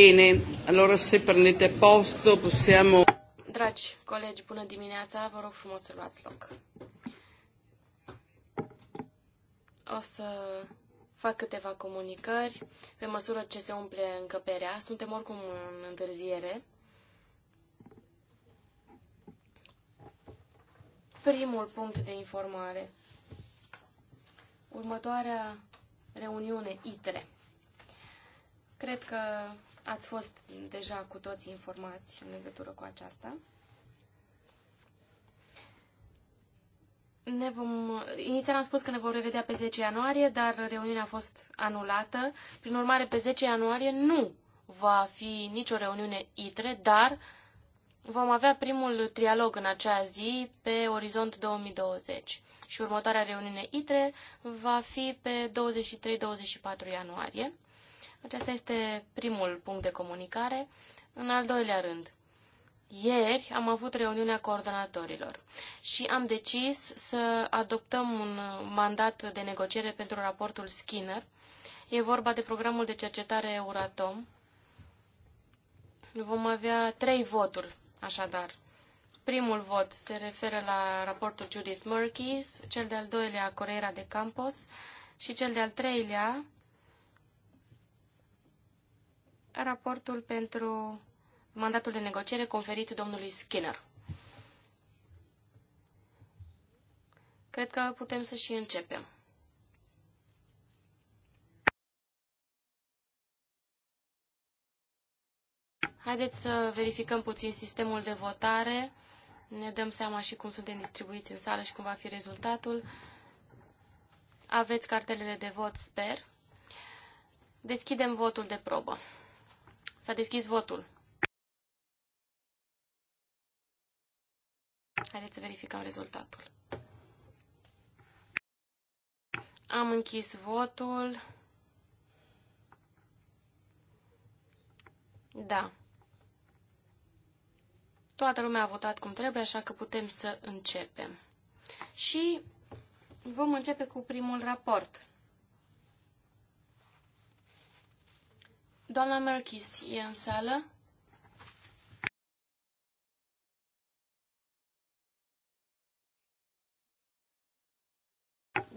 Bine, allora se prendete posto possiamo... Dragi colegi, bună dimineața, vă rog frumos să luați loc. O să fac câteva comunicări pe măsură ce se umple încăperea. Suntem oricum în întârziere. Primul punct de informare. Următoarea reuniune ITRE. Cred că Ați fost deja cu toți informați în legătură cu aceasta. Ne vom, inițial am spus că ne vom revedea pe 10 ianuarie, dar reuniunea a fost anulată. Prin urmare, pe 10 ianuarie nu va fi nicio reuniune ITRE, dar vom avea primul trialog în acea zi pe Orizont 2020 și următoarea reuniune ITRE va fi pe 23-24 ianuarie. Acesta este primul punct de comunicare. În al doilea rând, ieri am avut reuniunea coordonatorilor și am decis să adoptăm un mandat de negociere pentru raportul Skinner. E vorba de programul de cercetare Euratom. Vom avea trei voturi, așadar. Primul vot se referă la raportul Judith Murkis, cel de-al doilea Coreira de Campos și cel de-al treilea raportul pentru mandatul de negociere conferit domnului Skinner. Cred că putem să și începem. Haideți să verificăm puțin sistemul de votare. Ne dăm seama și cum suntem distribuiți în sală și cum va fi rezultatul. Aveți cartelele de vot, sper. Deschidem votul de probă. S-a deschis votul. Haideți să verificăm rezultatul. Am închis votul. Da. Toată lumea a votat cum trebuie, așa că putem să începem. Și vom începe cu primul raport. Doamna Melchis e în sală?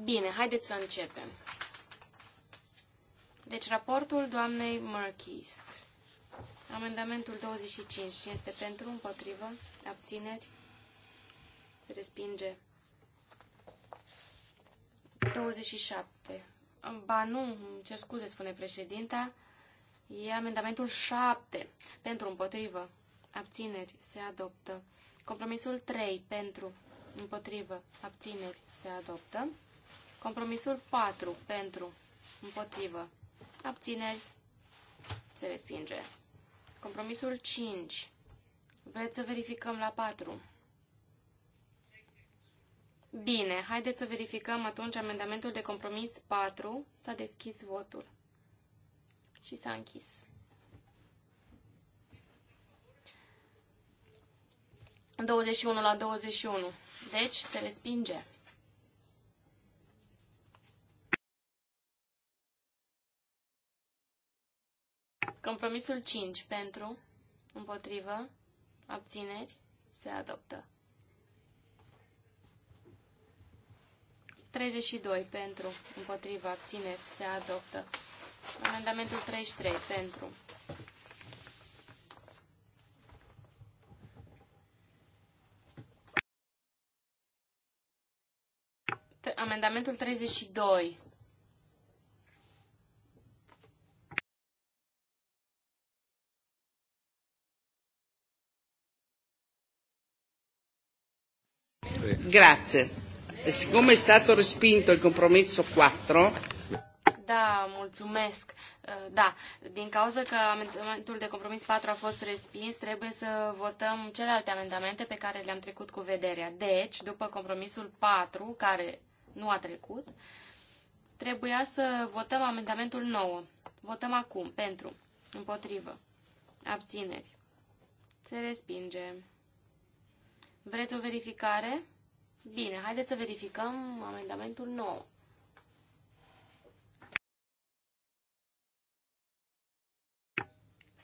Bine, haideți să începem. Deci, raportul doamnei Merkis. Amendamentul 25. Cine este pentru? Împotrivă? Abțineri? Se respinge. 27. Ba nu, cer scuze, spune președinta. E amendamentul 7. Pentru, împotrivă, abțineri, se adoptă. Compromisul 3. Pentru, împotrivă, abțineri, se adoptă. Compromisul 4. Pentru, împotrivă, abțineri, se respinge. Compromisul 5. Vreți să verificăm la 4? Bine, haideți să verificăm atunci amendamentul de compromis 4. S-a deschis votul. Și s-a închis. În 21 la 21. Deci se respinge. Compromisul 5 pentru, împotrivă, abțineri, se adoptă. 32 pentru, împotrivă, abțineri, se adoptă. Amendamentul 33 pentru. Amendamentul 32. Grazie. Siccome è stato respinto il compromesso 4, da, mulțumesc. Uh, da, din cauza că amendamentul de compromis 4 a fost respins, trebuie să votăm celelalte amendamente pe care le-am trecut cu vederea. Deci, după compromisul 4, care nu a trecut, trebuia să votăm amendamentul 9. Votăm acum, pentru, împotrivă, abțineri. Se respinge. Vreți o verificare? Bine, haideți să verificăm amendamentul 9.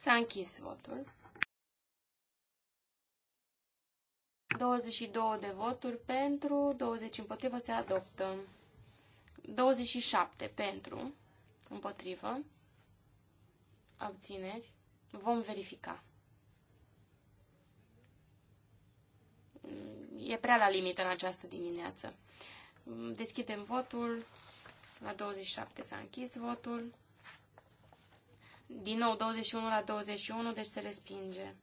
S-a închis votul. 22 de voturi pentru, 20 împotrivă, se adoptă. 27 pentru, împotrivă, abțineri, vom verifica. E prea la limită în această dimineață. Deschidem votul. La 27 s-a închis votul. Din nou, 21 la 21, deci se respinge.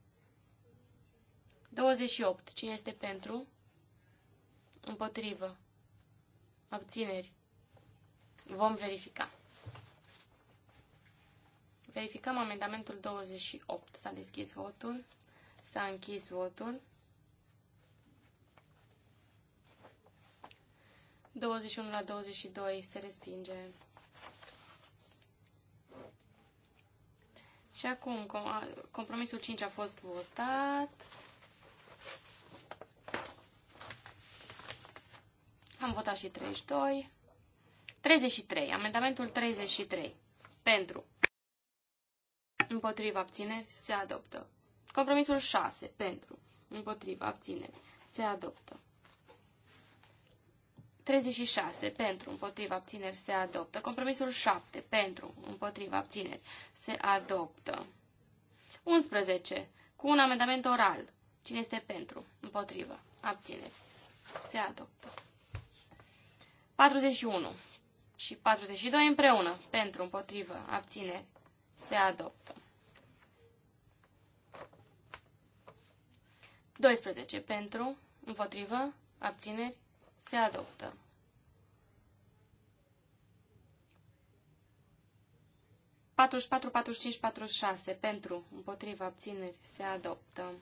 28. Cine este pentru? Împotrivă. Abțineri. Vom verifica. Verificăm amendamentul 28. S-a deschis votul. S-a închis votul. 21 la 22 se respinge. Și acum, com a, compromisul 5 a fost votat. Am votat și 32. 33. Amendamentul 33. Pentru. Împotriva abțineri se adoptă. Compromisul 6. Pentru. Împotriva abțineri se adoptă. 36 pentru, împotriva abțineri se adoptă. Compromisul 7 pentru, împotriva abțineri se adoptă. 11 cu un amendament oral. Cine este pentru, împotriva abțineri se adoptă. 41 și 42 împreună pentru, împotriva abțineri se adoptă. 12 pentru, împotriva abțineri, se adoptă. Patruzeci patru, patruzeci cinci, patruzeci șase. Pentru, împotriva, abțineri, se adoptă.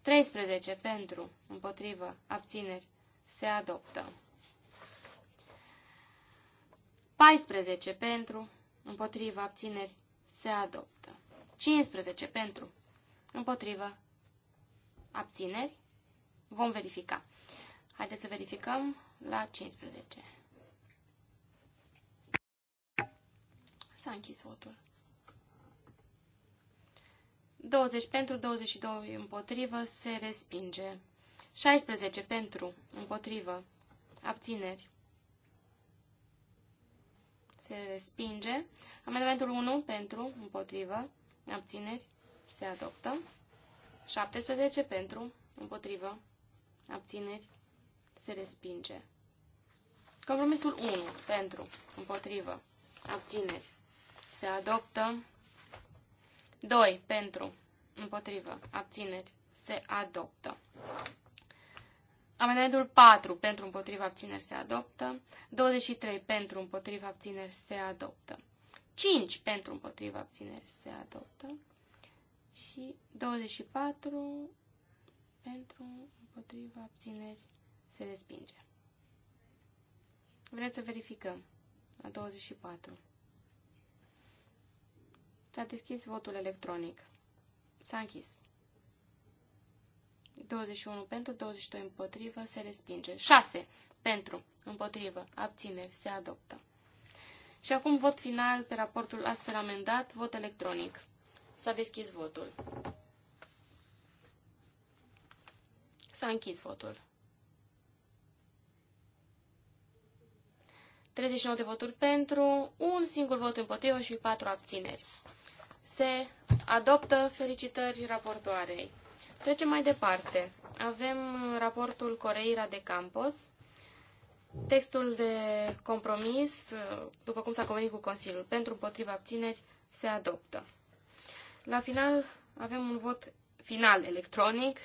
13 pentru, împotrivă, abțineri, se adoptă. 14 pentru, împotrivă, abțineri, se adoptă. 15 pentru, împotrivă, abțineri, vom verifica. Haideți să verificăm la 15. S-a închis votul. 20 pentru, 22 împotrivă, se respinge. 16 pentru, împotrivă, abțineri. Se respinge. Amendamentul 1 pentru, împotrivă, abțineri, se adoptă. 17 pentru, împotrivă, abțineri, se respinge. Compromisul 1. Pentru. Împotrivă. Abțineri. Se adoptă. 2. Pentru. Împotrivă. Abțineri. Se adoptă. Amendamentul 4. Pentru împotriva abțineri se adoptă. 23. Pentru împotriva abțineri se adoptă. 5. Pentru împotriva abțineri se adoptă. Și 24. Pentru împotriva abțineri se respinge. Vreți să verificăm. La 24. S-a deschis votul electronic. S-a închis. 21 pentru, 22 împotrivă, se respinge. 6 pentru, împotrivă, abțineri, se adoptă. Și acum vot final pe raportul astfel amendat, vot electronic. S-a deschis votul. S-a închis votul. 39 de voturi pentru, un singur vot împotrivă și 4 abțineri. Se adoptă felicitări raportoarei. Trecem mai departe. Avem raportul Coreira de Campos. Textul de compromis, după cum s-a convenit cu Consiliul, pentru împotriva abțineri, se adoptă. La final avem un vot final electronic.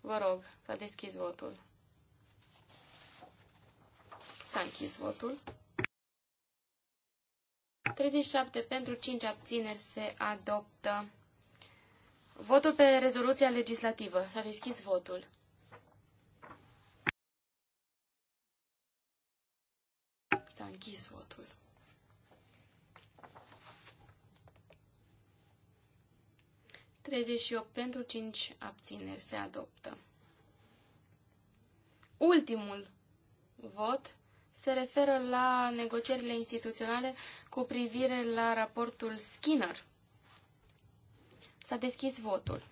Vă rog, s-a deschis votul. S-a închis votul. 37 pentru 5 abțineri se adoptă. Votul pe rezoluția legislativă. S-a deschis votul. S-a închis votul. 38 și pentru 5 abțineri se adoptă. Ultimul vot se referă la negocierile instituționale cu privire la raportul Skinner. S-a deschis votul.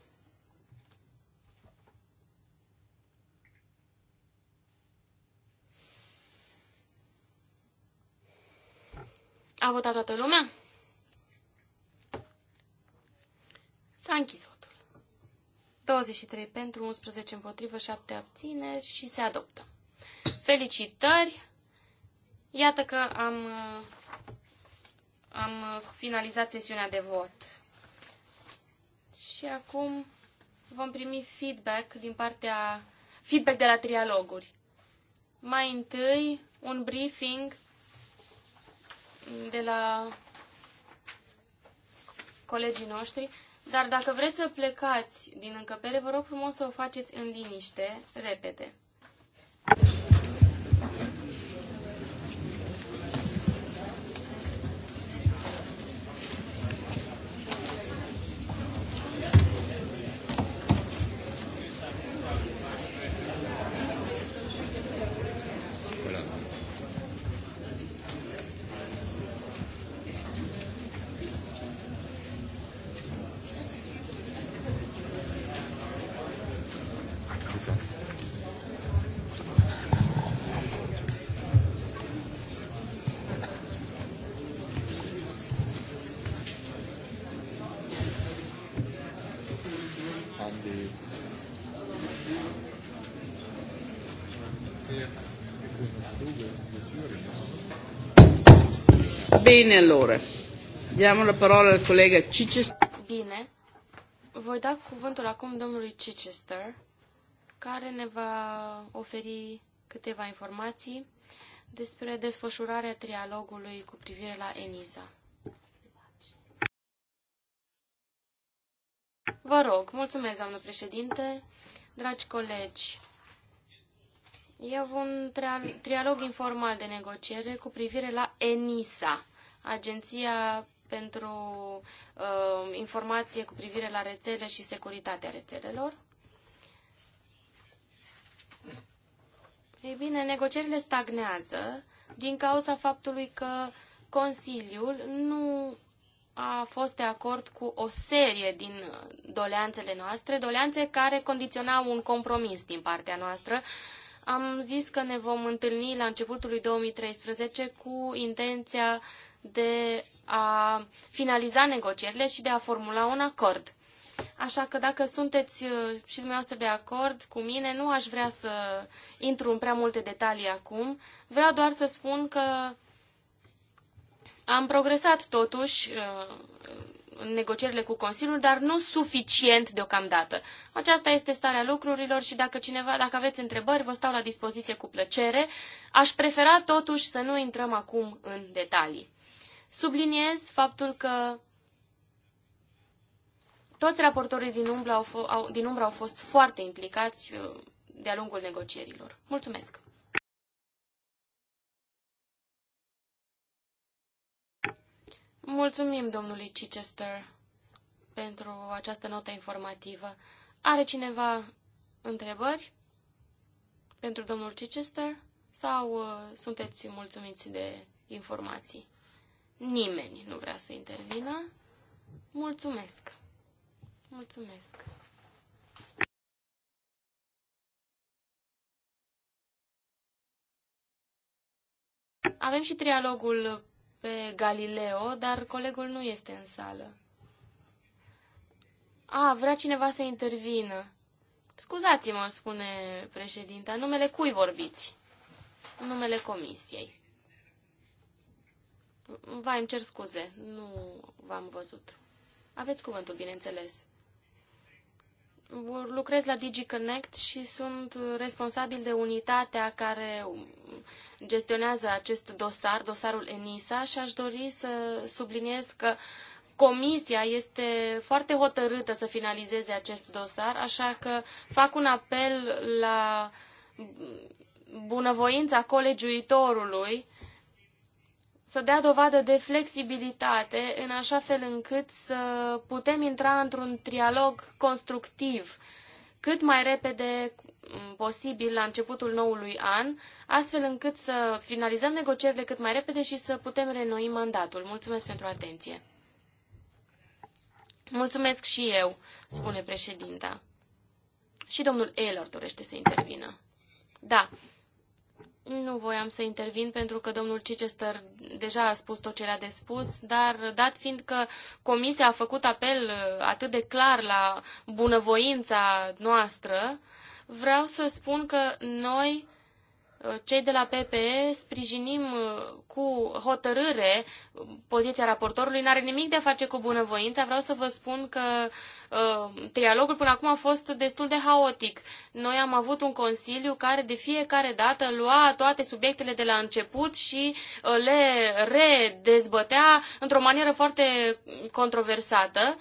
A votat toată lumea? S-a închis votul. 23 pentru, 11 împotrivă, 7 abțineri și se adoptă. Felicitări Iată că am, am finalizat sesiunea de vot. Și acum vom primi feedback din partea feedback de la trialoguri. Mai întâi un briefing de la colegii noștri, dar dacă vreți să plecați din încăpere, vă rog frumos să o faceți în liniște, repede. Bine, Diamo la parola al colega Chichester. Bine. Voi da cuvântul acum domnului Chichester, care ne va oferi câteva informații despre desfășurarea trialogului cu privire la ENISA. Vă rog, mulțumesc, doamnă președinte, dragi colegi. E un trialog informal de negociere cu privire la ENISA. Agenția pentru uh, informație cu privire la rețele și securitatea rețelelor. Ei bine, negocierile stagnează din cauza faptului că Consiliul nu a fost de acord cu o serie din doleanțele noastre, doleanțe care condiționau un compromis din partea noastră. Am zis că ne vom întâlni la începutul lui 2013 cu intenția uh, de a finaliza negocierile și de a formula un acord. Așa că dacă sunteți uh, și dumneavoastră de acord cu mine, nu aș vrea să intru în prea multe detalii acum. Vreau doar să spun că am progresat totuși uh, în negocierile cu Consiliul, dar nu suficient deocamdată. Aceasta este starea lucrurilor și dacă, cineva, dacă aveți întrebări, vă stau la dispoziție cu plăcere. Aș prefera totuși să nu intrăm acum în detalii. Subliniez faptul că toți raportorii din umbră au, au, din umbră au fost foarte implicați uh, de-a lungul negocierilor. Mulțumesc! Mulțumim domnului Chichester pentru această notă informativă. Are cineva întrebări pentru domnul Chichester sau uh, sunteți mulțumiți de informații? Nimeni nu vrea să intervină. Mulțumesc! Mulțumesc! Avem și trialogul pe Galileo, dar colegul nu este în sală. A, vrea cineva să intervină. Scuzați-mă, spune președinta, numele cui vorbiți? Numele comisiei. Vai, îmi cer scuze, nu v-am văzut. Aveți cuvântul, bineînțeles. Lucrez la DigiConnect și sunt responsabil de unitatea care gestionează acest dosar, dosarul ENISA, și aș dori să subliniez că Comisia este foarte hotărâtă să finalizeze acest dosar, așa că fac un apel la bunăvoința colegiuitorului să dea dovadă de flexibilitate în așa fel încât să putem intra într-un trialog constructiv cât mai repede mm, posibil la începutul noului an, astfel încât să finalizăm negocierile cât mai repede și să putem renoi mandatul. Mulțumesc pentru atenție. Mulțumesc și eu, spune președinta. Și domnul Elor dorește să intervină. Da, nu voiam să intervin pentru că domnul Chichester deja a spus tot ce era de spus, dar dat fiind că comisia a făcut apel uh, atât de clar la bunăvoința noastră, vreau să spun că noi, uh, cei de la PPE, sprijinim uh, cu hotărâre poziția raportorului. N-are nimic de a face cu bunăvoința. Vreau să vă spun că uh, Uh, trialogul până acum a fost destul de haotic. Noi am avut un consiliu care de fiecare dată lua toate subiectele de la început și uh, le redezbătea într-o manieră foarte controversată,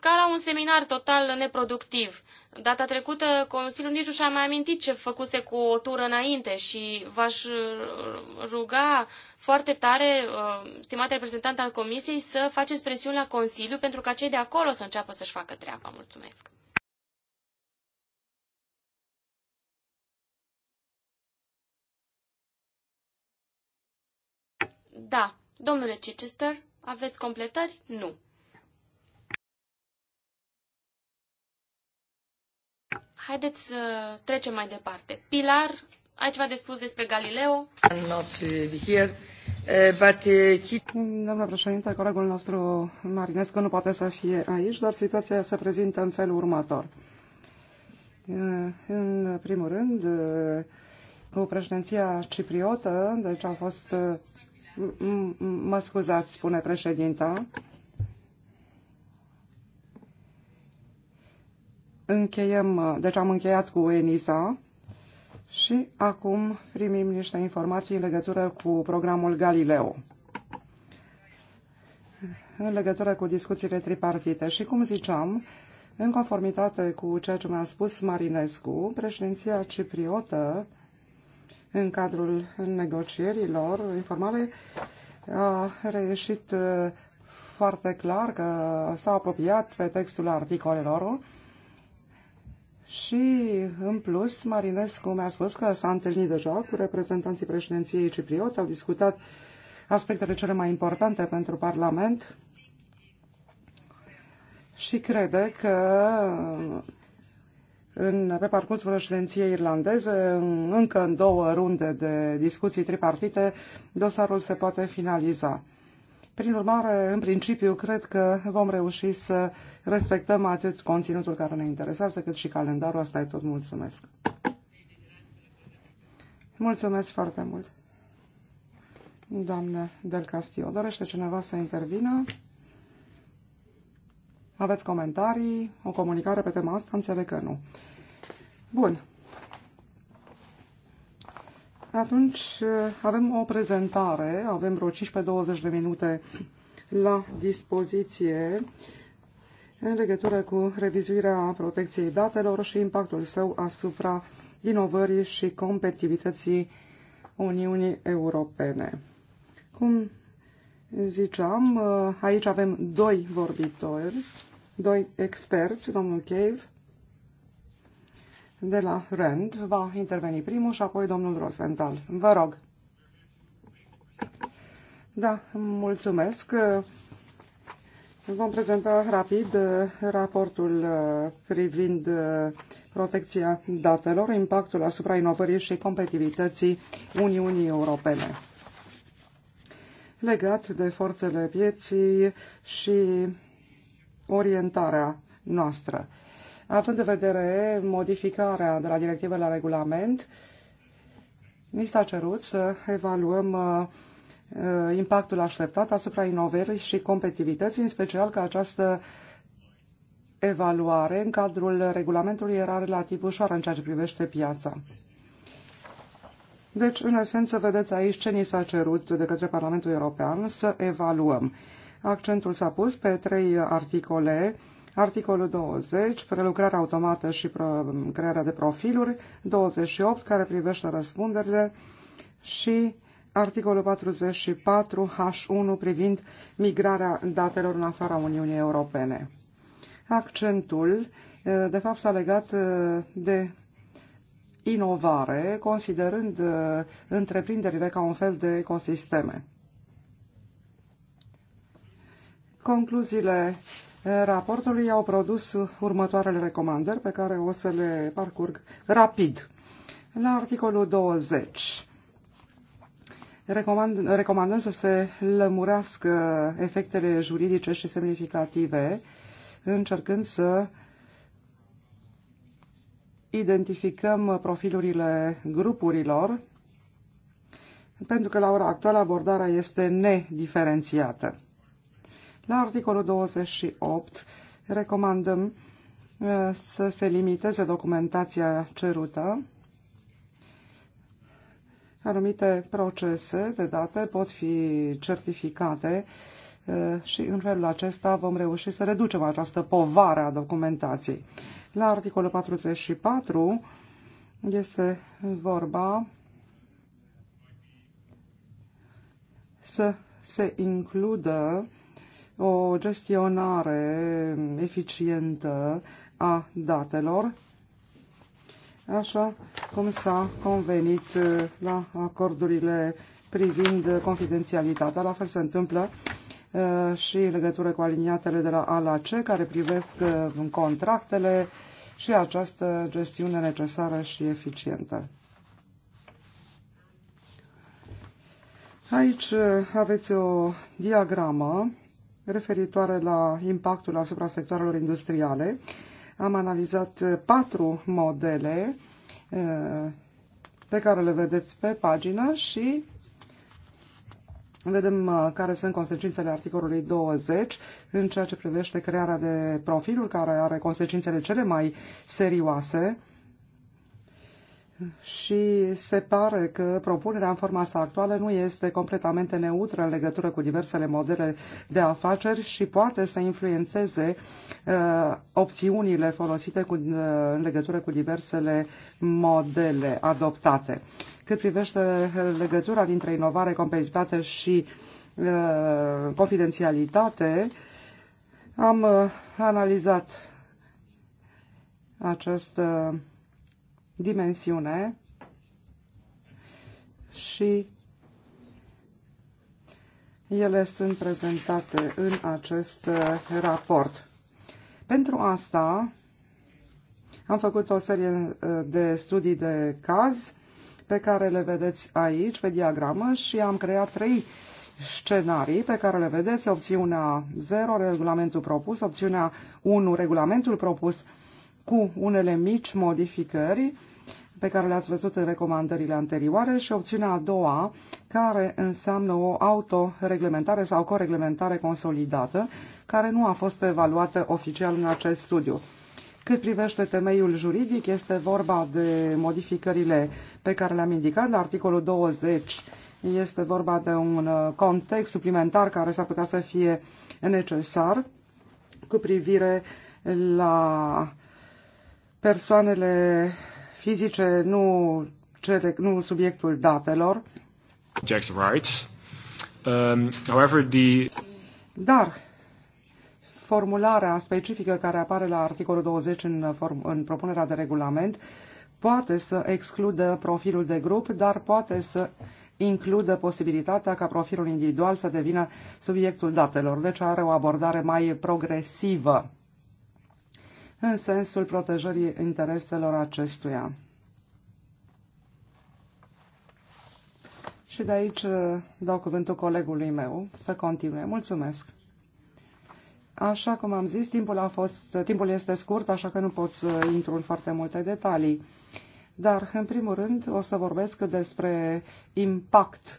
ca la un seminar total neproductiv. Data trecută, Consiliul nici nu și-a mai amintit ce făcuse cu o tură înainte și v-aș uh, ruga foarte tare, uh, stimate reprezentant al Comisiei, să faceți presiuni la Consiliu pentru ca cei de acolo să înceapă să-și facă treaba. Mulțumesc! Da, domnule Chichester, aveți completări? Nu. Haideți să trecem mai departe. Pilar, ai ceva de spus despre Galileo? Not uh, here, uh, but... Uh, Doamna președinte, colegul nostru Marinescu nu poate să fie aici, dar situația se prezintă în felul următor. În primul rând, cu președinția cipriotă, deci a fost... Mă scuzați, spune președinta, încheiem, uh, deci am încheiat cu ENISA și acum primim niște informații în legătură cu programul Galileo în legătură cu discuțiile tripartite. Și cum ziceam, în conformitate cu ceea ce mi-a spus Marinescu, președinția cipriotă, în cadrul negocierilor informale, a reieșit uh, foarte clar că s-a apropiat pe textul articolelor și, în plus, Marinescu mi-a spus că s-a întâlnit deja cu reprezentanții președinției cipriot, au discutat aspectele cele mai importante pentru Parlament și crede că în, pe parcursul președinției irlandeze, încă în două runde de discuții tripartite, dosarul se poate finaliza. Prin urmare, în principiu, cred că vom reuși să respectăm atât conținutul care ne interesează, cât și calendarul. Asta e tot. Mulțumesc! Mulțumesc foarte mult! Doamne Del Castillo, dorește cineva să intervină? Aveți comentarii, o comunicare pe tema asta? Înțeleg că nu. Bun. Atunci uh, avem o prezentare, avem vreo 15-20 de minute la dispoziție în legătură cu revizuirea protecției datelor și impactul său asupra inovării și competitivității Uniunii Europene. Cum ziceam, uh, aici avem doi vorbitori, doi experți, domnul Cave de la rand va interveni primul și apoi domnul Rosenthal. Vă rog. Da, mulțumesc. Vom prezenta rapid uh, raportul uh, privind uh, protecția datelor, impactul asupra inovării și competitivității Uniunii Europene legat de forțele pieții și orientarea noastră. Având în vedere modificarea de la directivă la regulament, ni s-a cerut să evaluăm uh, uh, impactul așteptat asupra inovării și competitivității, în special că această evaluare în cadrul regulamentului era relativ ușoară în ceea ce privește piața. Deci, în esență, vedeți aici ce ni s-a cerut de către Parlamentul European să evaluăm. Accentul s-a pus pe trei articole Articolul 20, prelucrarea automată și crearea de profiluri. 28, care privește răspunderile. Și articolul 44 H1 privind migrarea datelor în afara Uniunii Europene. Accentul, eh, de fapt, s-a legat eh, de inovare, considerând eh, întreprinderile ca un fel de ecosisteme. Concluziile raportului au produs următoarele recomandări pe care o să le parcurg rapid. La articolul 20 recomand, recomandăm să se lămurească efectele juridice și semnificative încercând să identificăm profilurile grupurilor pentru că la ora actuală abordarea este nediferențiată. La articolul 28 recomandăm uh, să se limiteze documentația cerută. Anumite procese de date pot fi certificate uh, și în felul acesta vom reuși să reducem această povară a documentației. La articolul 44 este vorba să se includă o gestionare eficientă a datelor, așa cum s-a convenit uh, la acordurile privind confidențialitatea. La fel se întâmplă uh, și în legătură cu aliniatele de la C, care privesc uh, contractele și această gestiune necesară și eficientă. Aici aveți o diagramă referitoare la impactul asupra sectoarelor industriale. Am analizat eh, patru modele eh, pe care le vedeți pe pagină și vedem eh, care sunt consecințele articolului 20 în ceea ce privește crearea de profiluri care are consecințele cele mai serioase și se pare că propunerea în forma sa actuală nu este completamente neutră în legătură cu diversele modele de afaceri și poate să influențeze uh, opțiunile folosite cu, uh, în legătură cu diversele modele adoptate. Cât privește legătura dintre inovare, competitivitate și uh, confidențialitate, am uh, analizat această uh, dimensiune și ele sunt prezentate în acest uh, raport. Pentru asta am făcut o serie uh, de studii de caz pe care le vedeți aici pe diagramă și am creat trei scenarii pe care le vedeți, opțiunea 0, regulamentul propus, opțiunea 1, regulamentul propus cu unele mici modificări pe care le-ați văzut în recomandările anterioare și opțiunea a doua, care înseamnă o autoreglementare sau coreglementare consolidată, care nu a fost evaluată oficial în acest studiu. Cât privește temeiul juridic, este vorba de modificările pe care le-am indicat la articolul 20. Este vorba de un uh, context suplimentar care s-ar putea să fie necesar cu privire la persoanele fizice, nu, cere, nu subiectul datelor. Jack's rights. Um, however, the... Dar formularea specifică care apare la articolul 20 în, form, în propunerea de regulament poate să excludă profilul de grup, dar poate să includă posibilitatea ca profilul individual să devină subiectul datelor, deci are o abordare mai progresivă în sensul protejării intereselor acestuia. Și de aici uh, dau cuvântul colegului meu să continue. Mulțumesc! Așa cum am zis, timpul, a fost, uh, timpul este scurt, așa că nu pot să intru în foarte multe detalii. Dar, în primul rând, o să vorbesc despre impact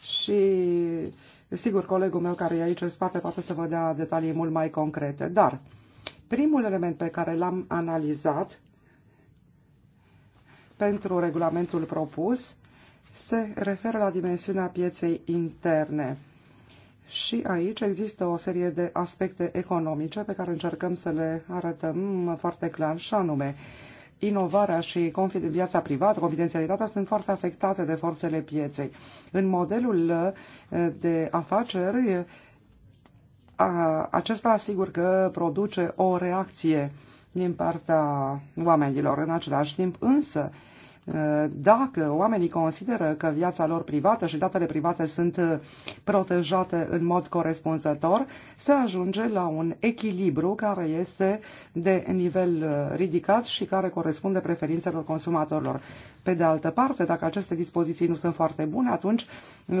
și Sigur, colegul meu care e aici în spate poate să vă dea detalii mult mai concrete, dar primul element pe care l-am analizat pentru regulamentul propus se referă la dimensiunea pieței interne. Și aici există o serie de aspecte economice pe care încercăm să le arătăm foarte clar și anume inovarea și viața privată, confidențialitatea sunt foarte afectate de forțele pieței. În modelul uh, de afaceri, uh, acesta asigur că produce o reacție din partea oamenilor. În același timp, însă, dacă oamenii consideră că viața lor privată și datele private sunt protejate în mod corespunzător, se ajunge la un echilibru care este de nivel ridicat și care corespunde preferințelor consumatorilor. Pe de altă parte, dacă aceste dispoziții nu sunt foarte bune, atunci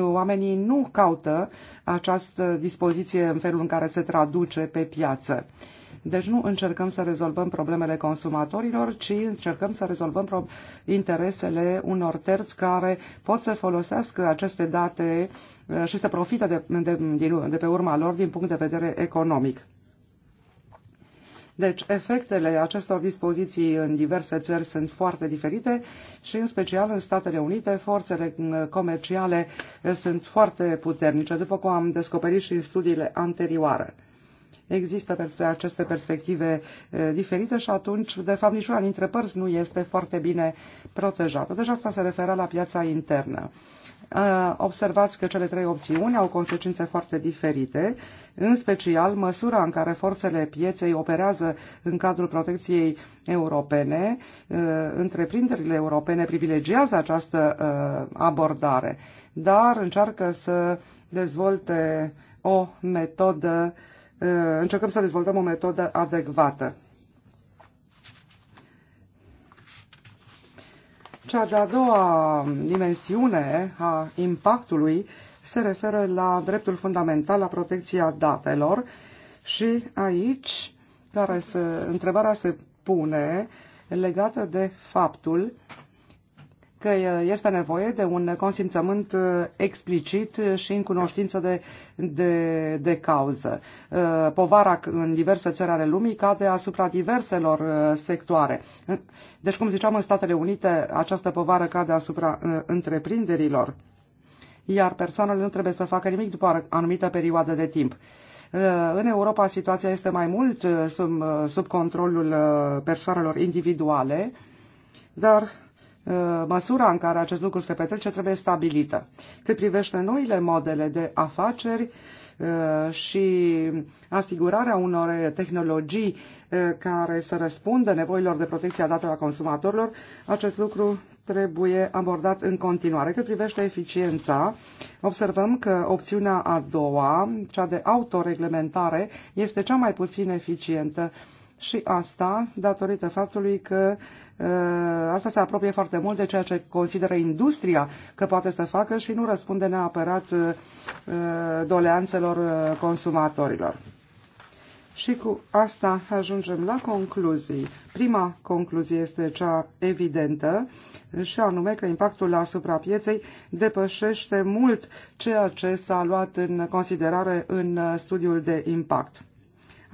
oamenii nu caută această dispoziție în felul în care se traduce pe piață. Deci nu încercăm să rezolvăm problemele consumatorilor, ci încercăm să rezolvăm interesele unor terți care pot să folosească aceste date uh, și să profite de, de, de pe urma lor din punct de vedere economic. Deci, efectele acestor dispoziții în diverse țări sunt foarte diferite și, în special, în Statele Unite, forțele uh, comerciale uh, sunt foarte puternice, după cum am descoperit și în studiile anterioare există pers- aceste perspective diferite și atunci, de fapt, niciuna dintre părți nu este foarte bine protejată. Deci asta se referă la piața internă. Observați că cele trei opțiuni au consecințe foarte diferite, în special măsura în care forțele pieței operează în cadrul protecției europene. Întreprinderile europene privilegiază această abordare, dar încearcă să dezvolte o metodă uh, Eh, încercăm să dezvoltăm o metodă adecvată. Cea de-a doua dimensiune a impactului se referă la dreptul fundamental la protecția datelor și aici care se, întrebarea se pune legată de faptul că este nevoie de un consimțământ uh, explicit și în cunoștință de, de, de cauză. Uh, povara în diverse țări ale lumii cade asupra diverselor uh, sectoare. Deci, cum ziceam, în Statele Unite această povară cade asupra întreprinderilor, iar persoanele nu trebuie să facă nimic după anumită perioadă de timp. În Europa situația este mai mult sub, sub controlul persoanelor individuale, dar Uh, măsura în care acest lucru se petrece trebuie stabilită. Cât privește noile modele de afaceri uh, și asigurarea unor tehnologii uh, care să răspundă nevoilor de protecție a datelor a consumatorilor, acest lucru trebuie abordat în continuare. Cât privește eficiența, observăm că opțiunea a doua, cea de autoreglementare, este cea mai puțin eficientă și asta datorită faptului că uh, asta se apropie foarte mult de ceea ce consideră industria că poate să facă și nu răspunde neapărat uh, uh, doleanțelor uh, consumatorilor. Și cu asta ajungem la concluzii. Prima concluzie este cea evidentă și anume că impactul asupra pieței depășește mult ceea ce s-a luat în considerare în uh, studiul de impact.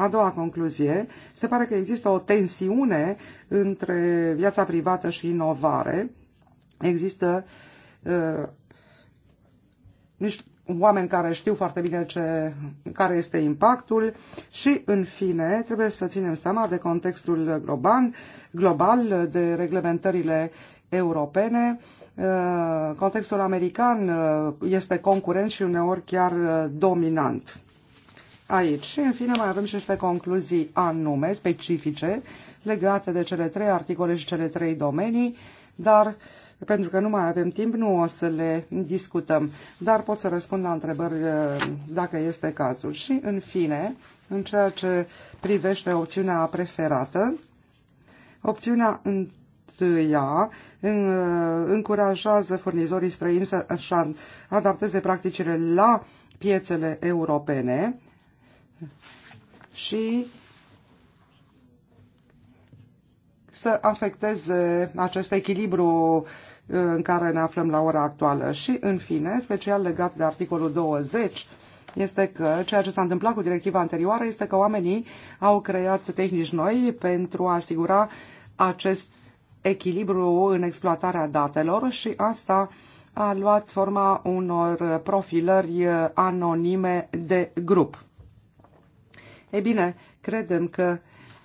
A doua concluzie, se pare că există o tensiune între viața privată și inovare. Există uh, niște oameni care știu foarte bine ce, care este impactul și, în fine, trebuie să ținem seama de contextul global, global de reglementările europene. Uh, contextul american uh, este concurent și uneori chiar uh, dominant aici. Și în fine mai avem și niște concluzii anume, specifice, legate de cele trei articole și cele trei domenii, dar pentru că nu mai avem timp, nu o să le discutăm, dar pot să răspund la întrebări eh, dacă este cazul. Și în fine, în ceea ce privește opțiunea preferată, opțiunea întâi ea eh, încurajează furnizorii străini să adapteze practicile la piețele europene și să afecteze acest echilibru uh, în care ne aflăm la ora actuală. Și, în fine, special legat de articolul 20, este că ceea ce s-a întâmplat cu directiva anterioară este că oamenii au creat tehnici noi pentru a asigura acest echilibru în exploatarea datelor și asta a luat forma unor profilări uh, anonime de grup. Ei bine, credem că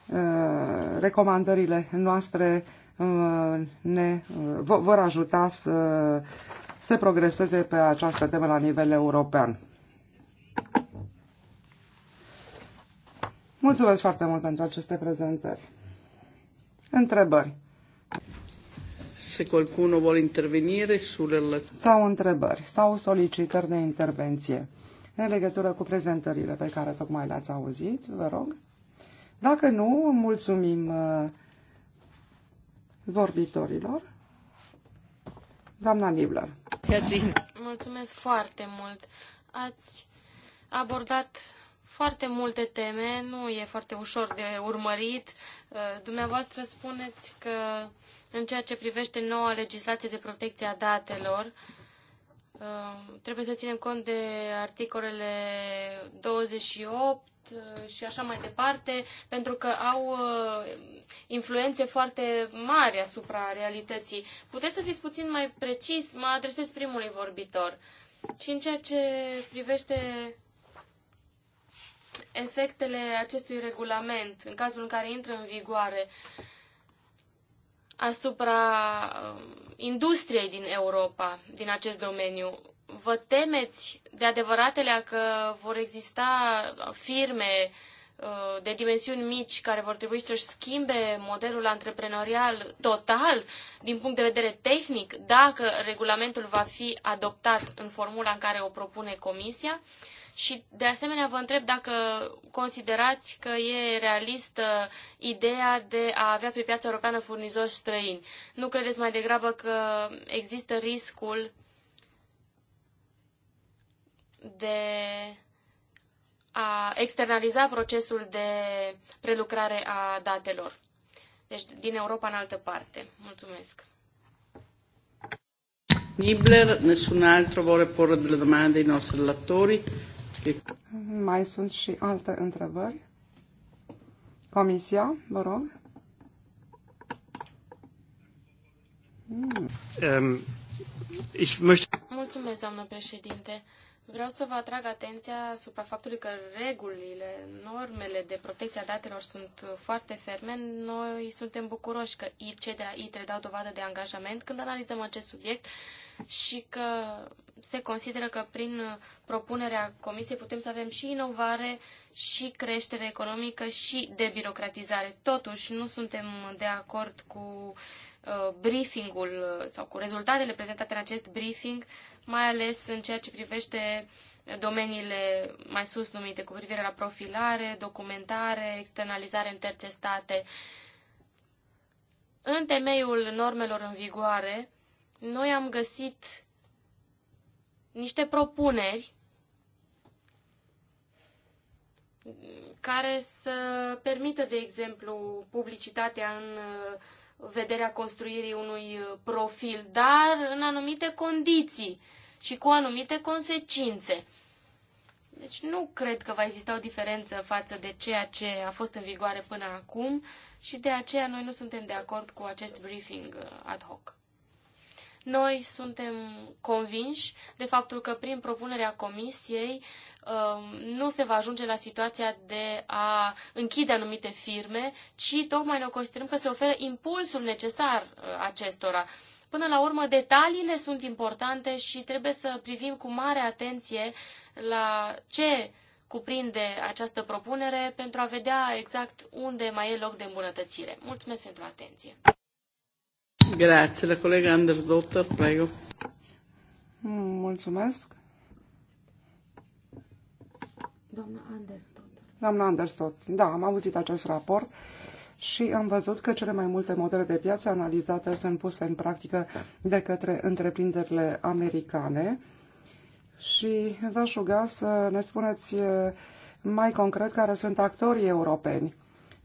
uh, recomandările noastre uh, ne uh, vor ajuta să se progreseze pe această temă la nivel european. Mulțumesc foarte mult pentru aceste prezentări. Întrebări. Se qualcuno vuole intervenire sulle... Sau întrebări, sau solicitări de intervenție în legătură cu prezentările pe care tocmai le-ați auzit, vă rog. Dacă nu, mulțumim uh, vorbitorilor. Doamna Nibler. Mulțumesc foarte mult. Ați abordat foarte multe teme, nu e foarte ușor de urmărit. Uh, dumneavoastră spuneți că în ceea ce privește noua legislație de protecție a datelor, uh, Um, trebuie să ținem cont de articolele 28 uh, și așa mai departe, pentru că au uh, influențe foarte mari asupra realității. Puteți să fiți puțin mai precis? Mă adresez primului vorbitor. Și în ceea ce privește efectele acestui regulament, în cazul în care intră în vigoare, uh, asupra um, industriei din Europa, din acest domeniu. Vă temeți de adevăratele că vor exista firme uh, de dimensiuni mici care vor trebui să-și schimbe modelul antreprenorial total din punct de vedere tehnic dacă regulamentul va fi adoptat în formula în care o propune Comisia? Și, de asemenea, vă întreb dacă considerați că e realistă ideea de a avea pe piața europeană furnizori străini. Nu credeți mai degrabă că există riscul de a externaliza procesul de prelucrare a datelor. Deci din Europa în altă parte. Mulțumesc. Nibler, nessun altro vuole porre delle domande ai nostri relatori. Mai sunt și alte întrebări? Comisia, vă rog. Mm. Um, ich möchte... Mulțumesc, doamnă președinte. Vreau să vă atrag atenția asupra faptului că regulile, normele de protecție a datelor sunt foarte ferme. Noi suntem bucuroși că cei de la ITRE dau dovadă de angajament când analizăm acest subiect și că se consideră că prin propunerea Comisiei putem să avem și inovare, și creștere economică, și debirocratizare. Totuși, nu suntem de acord cu uh, briefingul uh, sau cu rezultatele prezentate în acest briefing mai ales în ceea ce privește domeniile mai sus numite cu privire la profilare, documentare, externalizare în terțe state. În temeiul normelor în vigoare, noi am găsit niște propuneri care să permită, de exemplu, publicitatea în uh, vederea construirii unui uh, profil, dar în anumite condiții și cu anumite consecințe. Deci nu cred că va exista o diferență față de ceea ce a fost în vigoare până acum și de aceea noi nu suntem de acord cu acest briefing uh, ad hoc. Noi suntem convinși de faptul că prin propunerea comisiei um, nu se va ajunge la situația de a închide anumite firme, ci tocmai ne considerăm că se oferă impulsul necesar uh, acestora. Până la urmă, detaliile sunt importante și trebuie să privim cu mare atenție la ce cuprinde această propunere pentru a vedea exact unde mai e loc de îmbunătățire. Mulțumesc pentru atenție. Grazie, la colega Anders Dotter, prego. Mulțumesc. Doamna Anders Dotter. Doamna Anders Dotter, da, am auzit acest raport și am văzut că cele mai multe modele de piață analizate sunt puse în practică de către întreprinderile americane și v-aș ruga să ne spuneți eh, mai concret care sunt actorii europeni,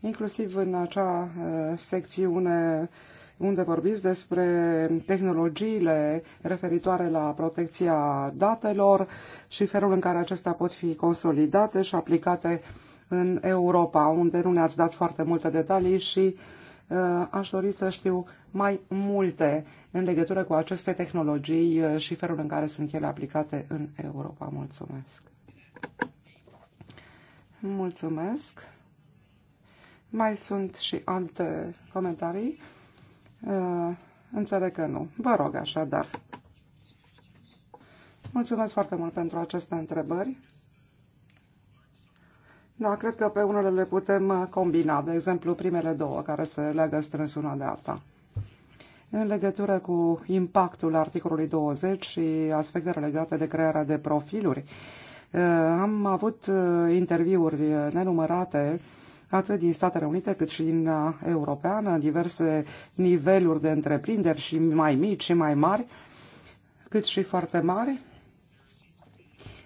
inclusiv în acea eh, secțiune unde vorbiți despre tehnologiile referitoare la protecția datelor și felul în care acestea pot fi consolidate și aplicate uh, în Europa, unde nu ne-ați dat foarte multe detalii și uh, aș dori să știu mai multe în legătură cu aceste tehnologii uh, și felul în care sunt ele aplicate în Europa. Mulțumesc! Mulțumesc! Mai sunt și alte comentarii? Uh, înțeleg că nu. Vă rog așadar. Mulțumesc foarte mult pentru aceste întrebări. Da, cred că pe unele le putem uh, combina, de exemplu primele două care se legă strâns una de alta. În legătură cu impactul articolului 20 și aspectele legate de crearea de profiluri, uh, am avut uh, interviuri nenumărate atât din Statele Unite cât și din Europeană, diverse niveluri de întreprinderi și mai mici și mai mari, cât și foarte mari.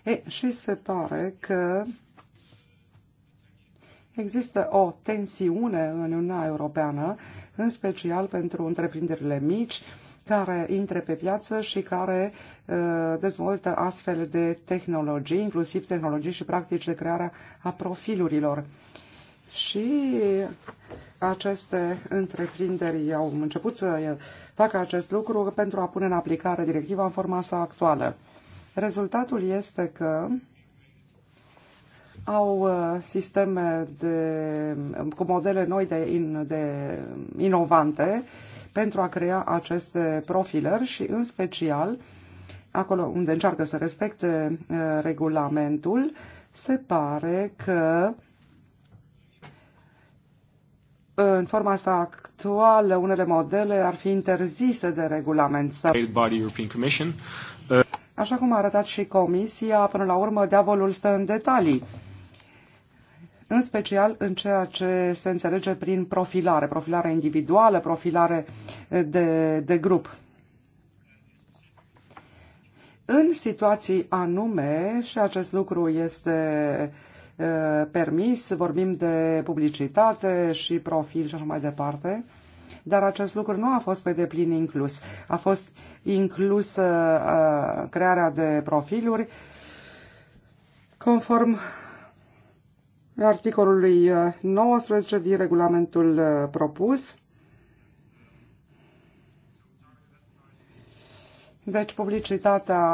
E, și se pare că Există o tensiune în Uniunea Europeană, în special pentru întreprinderile mici, care intre pe piață și care uh, dezvoltă astfel de tehnologii, inclusiv tehnologii și practici de creare a profilurilor. Și aceste întreprinderi au început să facă acest lucru pentru a pune în aplicare directiva în forma sa actuală. Rezultatul este că au uh, sisteme de, um, cu modele noi de, in, de um, inovante pentru a crea aceste profiler și în special acolo unde încearcă să respecte uh, regulamentul, se pare că uh, în forma sa actuală, unele modele ar fi interzise de regulament. Așa cum a arătat și Comisia, până la urmă, diavolul stă în detalii în special în ceea ce se înțelege prin profilare, profilare individuală, profilare de, de grup. În situații anume, și acest lucru este permis, vorbim de publicitate și profil și așa mai departe, dar acest lucru nu a fost pe deplin inclus. A fost inclusă crearea de profiluri conform articolului 19 uh, din regulamentul uh, propus. Deci publicitatea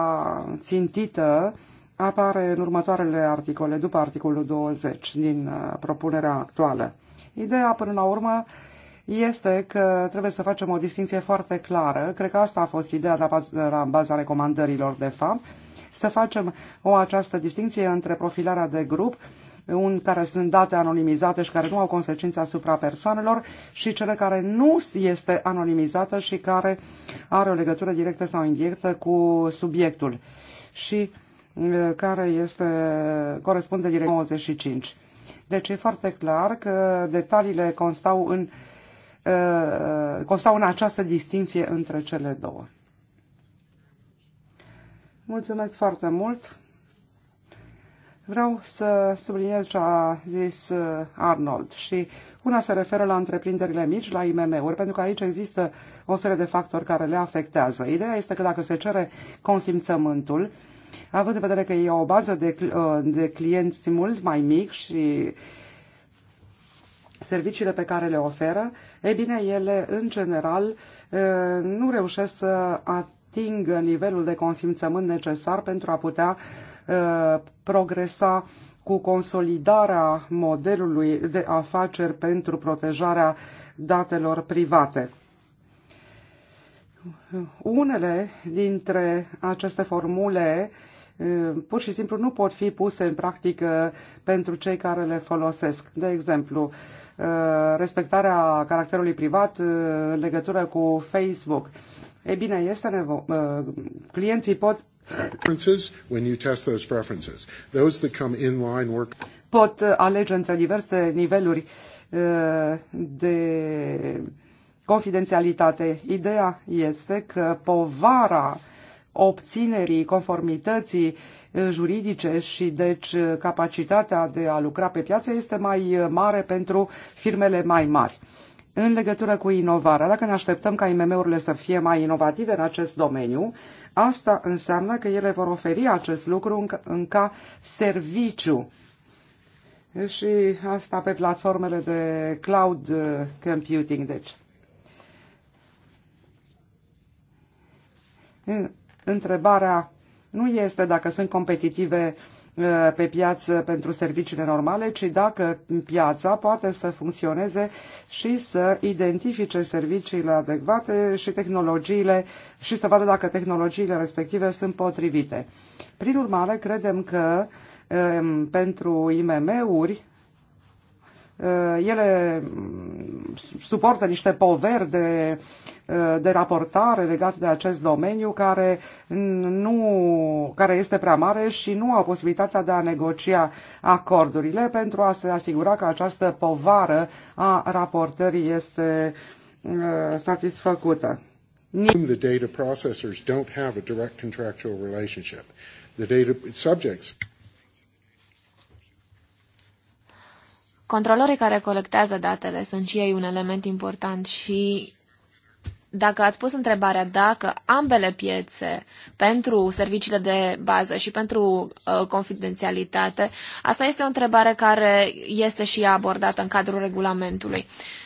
țintită apare în următoarele articole, după articolul 20 din uh, propunerea actuală. Ideea, până la urmă, este că trebuie să facem o distinție foarte clară. Cred că asta a fost ideea la baza, la baza recomandărilor, de fapt, să facem o această distinție între profilarea de grup un care sunt date anonimizate și care nu au consecințe asupra persoanelor și cele care nu este anonimizată și care are o legătură directă sau indirectă cu subiectul și care este, corespunde direct 95. Deci e foarte clar că detaliile constau în, constau în această distinție între cele două. Mulțumesc foarte mult! Vreau să subliniez ce a zis uh, Arnold și una se referă la întreprinderile mici, la IMM-uri, pentru că aici există o serie de factori care le afectează. Ideea este că dacă se cere consimțământul, având în vedere că e o bază de, uh, de clienți mult mai mic și serviciile pe care le oferă, e bine, ele, în general, uh, nu reușesc să atingă nivelul de consimțământ necesar pentru a putea Uh, progresa cu consolidarea modelului de afaceri pentru protejarea datelor private. Unele dintre aceste formule uh, pur și simplu nu pot fi puse în practică pentru cei care le folosesc. De exemplu, uh, respectarea caracterului privat în legătură cu Facebook. E bine, este nevo- clienții pot preferences when you test those preferences. Those that come in line work. Pot alege între diverse niveluri uh, de confidențialitate. Ideea este că povara obținerii conformității uh, juridice și deci capacitatea de a lucra pe piață este mai uh, mare pentru firmele mai mari. În legătură cu inovarea, dacă ne așteptăm ca IMM-urile să fie mai inovative în acest domeniu, Asta înseamnă că ele vor oferi acest lucru în, în ca serviciu și asta pe platformele de cloud uh, computing, deci. Întrebarea nu este dacă sunt competitive uh, Uh, pe piață pentru serviciile normale, ci dacă piața poate să funcționeze și să identifice serviciile adecvate și tehnologiile și să vadă dacă tehnologiile respective sunt potrivite. Prin urmare, credem că um, pentru IMM-uri Uh, ele suportă niște poveri de, uh, de raportare legate de acest domeniu care, nu, care este prea mare și nu au posibilitatea de a negocia acordurile pentru a se asigura că această povară a raportării este uh, satisfăcută. The data processors don't have a direct contractual relationship. The data subjects Controlorii care colectează datele sunt și ei un element important și dacă ați pus întrebarea dacă ambele piețe pentru serviciile de bază și pentru uh, confidențialitate, asta este o întrebare care este și abordată în cadrul regulamentului. Uh,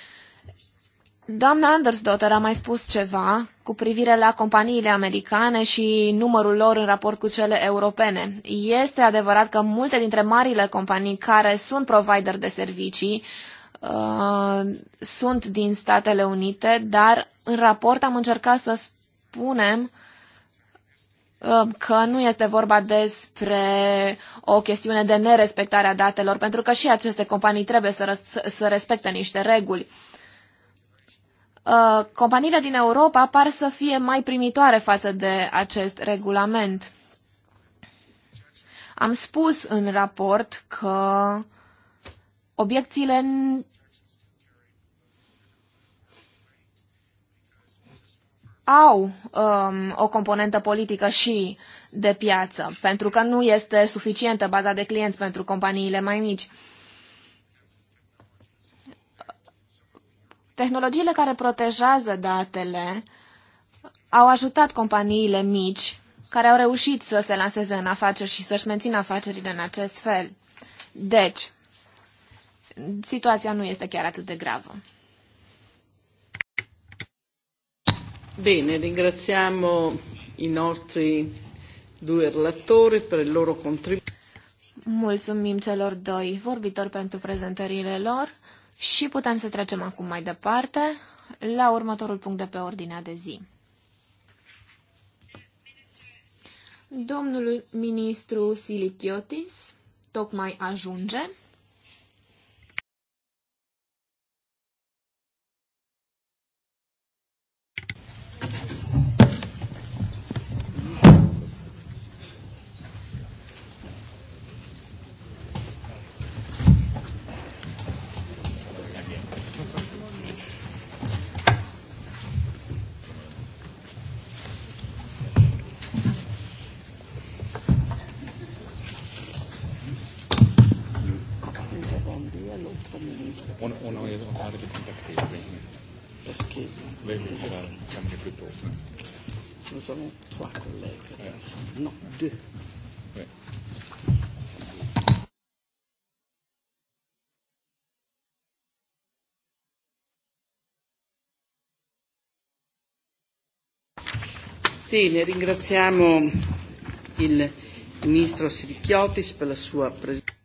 Doamna Andersdotter a mai spus ceva cu privire la companiile americane și numărul lor în raport cu cele europene. Este adevărat că multe dintre marile companii care sunt provider de servicii uh, sunt din Statele Unite, dar în raport am încercat să spunem uh, că nu este vorba despre o chestiune de nerespectare a datelor, pentru că și aceste companii trebuie să, să respecte niște reguli. Uh, Uh, companiile din Europa par să fie mai primitoare față de acest regulament. Am spus în raport că obiecțiile au um, o componentă politică și de piață, pentru că nu este suficientă baza de clienți pentru companiile mai mici. Uh, Tehnologiile care protejează datele au ajutat companiile mici care au reușit să se lanseze în afaceri și să-și mențină afacerile în acest fel. Deci, situația nu este chiar atât de gravă. Bine, ringraziamo i nostri due relatori per il loro contributo. Mulțumim celor doi vorbitori pentru prezentările lor. Și putem să trecem acum mai departe la următorul punct de pe ordinea de zi. Domnul ministru Silichiotis tocmai ajunge. Hon, hon har ju hade blivit kontaktad med Vägledaren kan bli plus tôt. Nous avons trois collègues. Ouais. Non, deux. Ouais. Bene, ringraziamo il Ministro Sirchiotis per la sua presenza.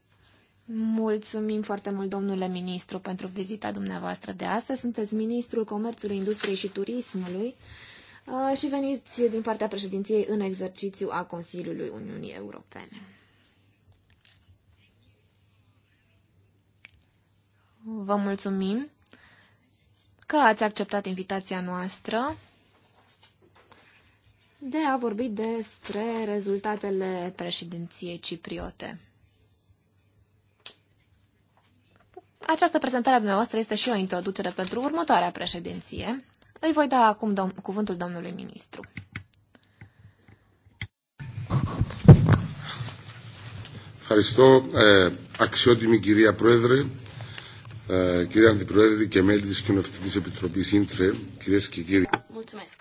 Mulțumim foarte mult, domnule ministru, pentru vizita dumneavoastră de astăzi. Sunteți ministrul Comerțului, Industriei și Turismului uh, și veniți din partea președinției în exercițiu a Consiliului Uniunii Europene. Vă mulțumim că ați acceptat invitația noastră de a vorbi despre rezultatele președinției cipriote. Această prezentare a dumneavoastră este și o introducere pentru următoarea președinție. Îi voi da acum dom- cuvântul domnului ministru. Ευχαριστώ ε, αξιότιμη κυρία Πρόεδρε, ε, κυρία Αντιπρόεδρε και μέλη της Κοινοβουλευτικής Επιτροπής Ίντρε, κυρίες και κύριοι. Mulțumesc.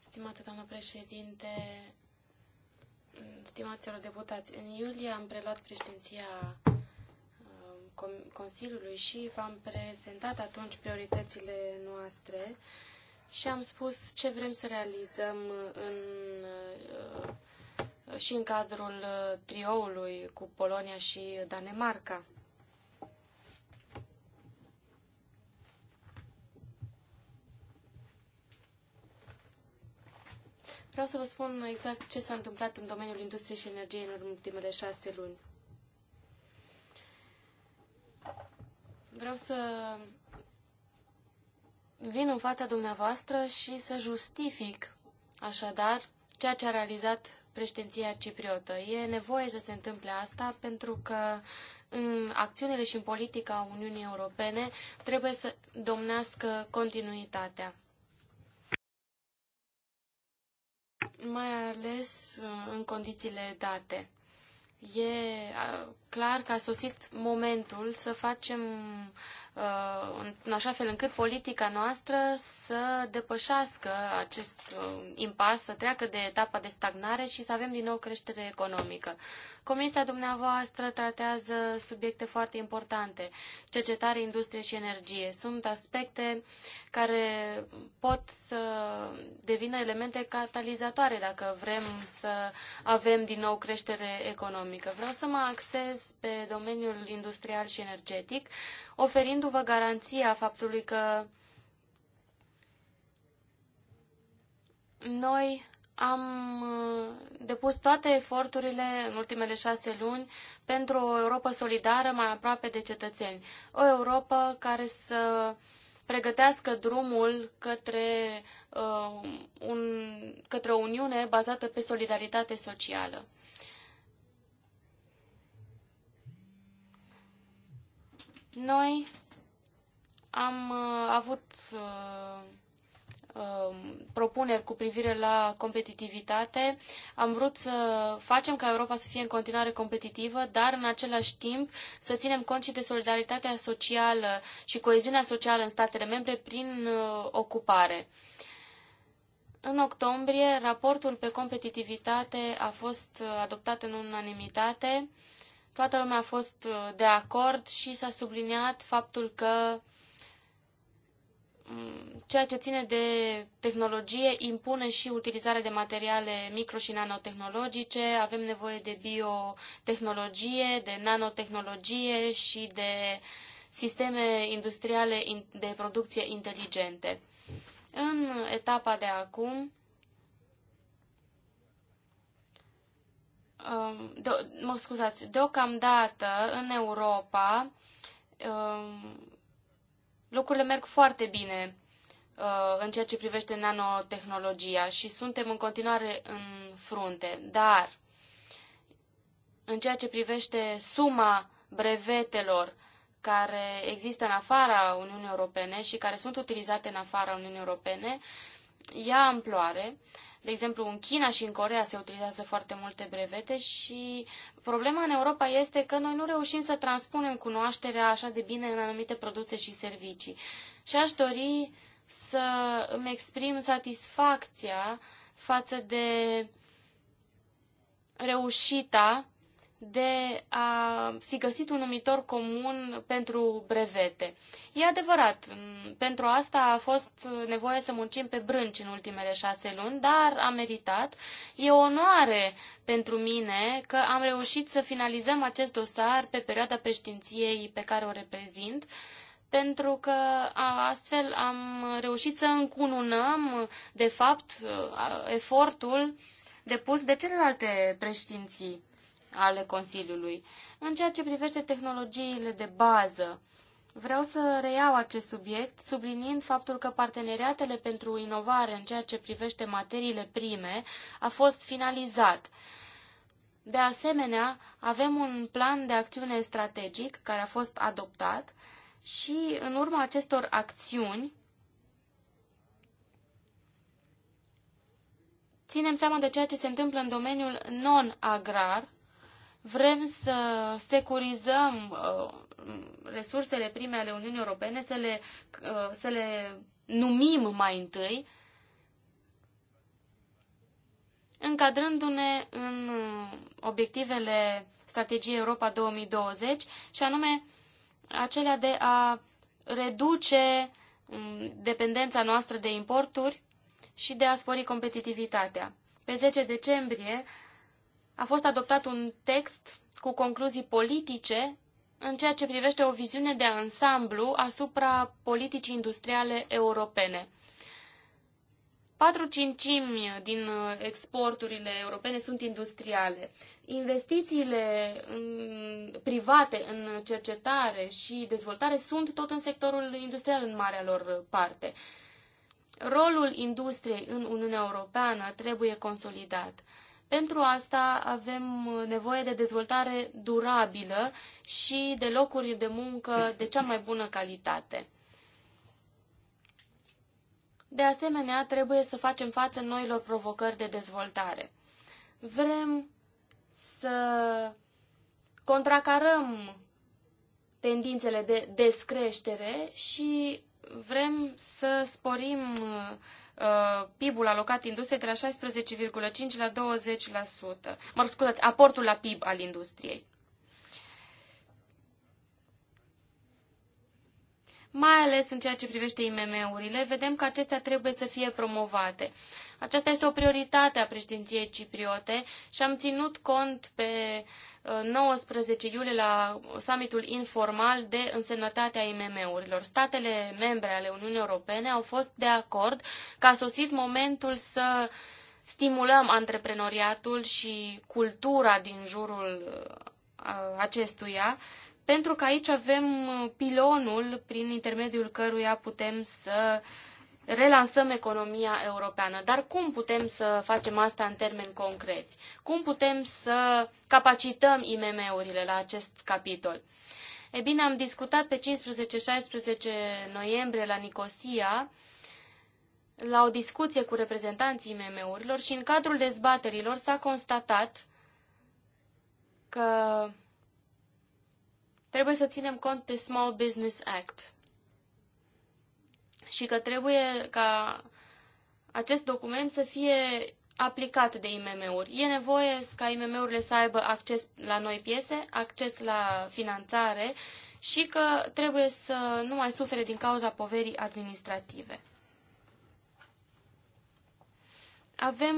Stimată doamnă președinte stimaților deputați, în iulie am preluat președinția um, Consiliului și v-am prezentat atunci prioritățile noastre și am spus ce vrem să realizăm în, uh, și în cadrul uh, trioului cu Polonia și Danemarca. Vreau să vă spun exact ce s-a întâmplat în domeniul industriei și energiei în ultimele șase luni. Vreau să vin în fața dumneavoastră și să justific, așadar, ceea ce a realizat președinția cipriotă. E nevoie să se întâmple asta pentru că în acțiunile și în politica Uniunii Europene trebuie să domnească continuitatea. mai ales uh, în condițiile date. E clar că a sosit momentul să facem uh, în așa fel încât politica noastră să depășească acest uh, impas, să treacă de etapa de stagnare și să avem din nou creștere economică. Comisia dumneavoastră tratează subiecte foarte importante, cercetare, industrie și energie. Sunt aspecte care pot să devină elemente catalizatoare dacă vrem să avem din nou creștere economică. Vreau să mă axez pe domeniul industrial și energetic, oferindu-vă garanția faptului că noi am uh, depus toate eforturile în ultimele șase luni pentru o Europa solidară mai aproape de cetățeni. O Europa care să pregătească drumul către, uh, un, către o uniune bazată pe solidaritate socială. Noi am uh, avut uh, um, propuneri cu privire la competitivitate. Am vrut să facem ca Europa să fie în continuare competitivă, dar în același timp să ținem cont și de solidaritatea socială și coeziunea socială în statele membre prin uh, ocupare. În octombrie, raportul pe competitivitate a fost adoptat în unanimitate Toată lumea a fost uh, de acord și s-a subliniat faptul că mm, ceea ce ține de tehnologie impune și utilizarea de materiale micro și nanotehnologice. Avem nevoie de biotehnologie, de nanotehnologie și de sisteme industriale de producție inteligente. În etapa de acum, Um, de, mă scuzați, deocamdată în Europa um, lucrurile merg foarte bine uh, în ceea ce privește nanotehnologia și suntem în continuare în frunte, dar în ceea ce privește suma brevetelor care există în afara Uniunii Europene și care sunt utilizate în afara Uniunii Europene, ia amploare. Uh, de exemplu, în China și în Corea se utilizează foarte multe brevete și problema în Europa este că noi nu reușim să transpunem cunoașterea așa de bine în anumite produse și servicii. Și aș dori să îmi exprim satisfacția față de reușita de a fi găsit un numitor comun pentru brevete. E adevărat, pentru asta a fost nevoie să muncim pe brânci în ultimele șase luni, dar a meritat. E o onoare pentru mine că am reușit să finalizăm acest dosar pe perioada preștinției pe care o reprezint, pentru că astfel am reușit să încununăm, de fapt, efortul depus de celelalte preștinții ale Consiliului. În ceea ce privește tehnologiile de bază, vreau să reiau acest subiect, subliniind faptul că parteneriatele pentru inovare în ceea ce privește materiile prime a fost finalizat. De asemenea, avem un plan de acțiune strategic care a fost adoptat și în urma acestor acțiuni ținem seama de ceea ce se întâmplă în domeniul non-agrar Vrem să securizăm uh, resursele prime ale Uniunii Europene, să le, uh, să le numim mai întâi, încadrându-ne în uh, obiectivele strategiei Europa 2020 și anume acelea de a reduce um, dependența noastră de importuri și de a spori competitivitatea. Pe 10 decembrie a fost adoptat un text cu concluzii politice în ceea ce privește o viziune de ansamblu asupra politicii industriale europene. Patru cincimi din uh, exporturile europene sunt industriale. Investițiile private în cercetare și dezvoltare sunt tot în sectorul industrial în marea lor parte. Rolul industriei în Uniunea Europeană trebuie consolidat. Pentru asta avem nevoie de dezvoltare durabilă și de locuri de muncă de cea mai bună calitate. De asemenea, trebuie să facem față noilor provocări de dezvoltare. Vrem să contracarăm tendințele de descreștere și vrem să sporim Uh, PIB-ul alocat industriei de la 16,5 la 20%. Mă rog, scuzați, aportul la PIB al industriei. Mai ales în ceea ce privește IMM-urile, vedem că acestea trebuie să fie promovate. Uh, aceasta este o prioritate a președinției cipriote și am ținut cont pe 19 uh, iulie la summitul informal de însemnătatea IMM-urilor. Statele membre ale Uniunii Europene au fost de acord că a sosit momentul să stimulăm antreprenoriatul și cultura din jurul uh, acestuia, pentru că aici avem uh, pilonul prin intermediul căruia putem să uh, relansăm economia europeană. Dar cum putem să facem asta în termeni concreți? Cum putem să capacităm IMM-urile la acest capitol? E bine, am discutat pe 15-16 noiembrie la Nicosia la o discuție cu reprezentanții IMM-urilor și în cadrul dezbaterilor s-a constatat că trebuie să ținem cont de Small Business Act și că trebuie ca acest document să fie aplicat de IMM-uri. E nevoie ca IMM-urile să aibă acces la noi piese, acces la finanțare și că trebuie să nu mai sufere din cauza poverii administrative. Avem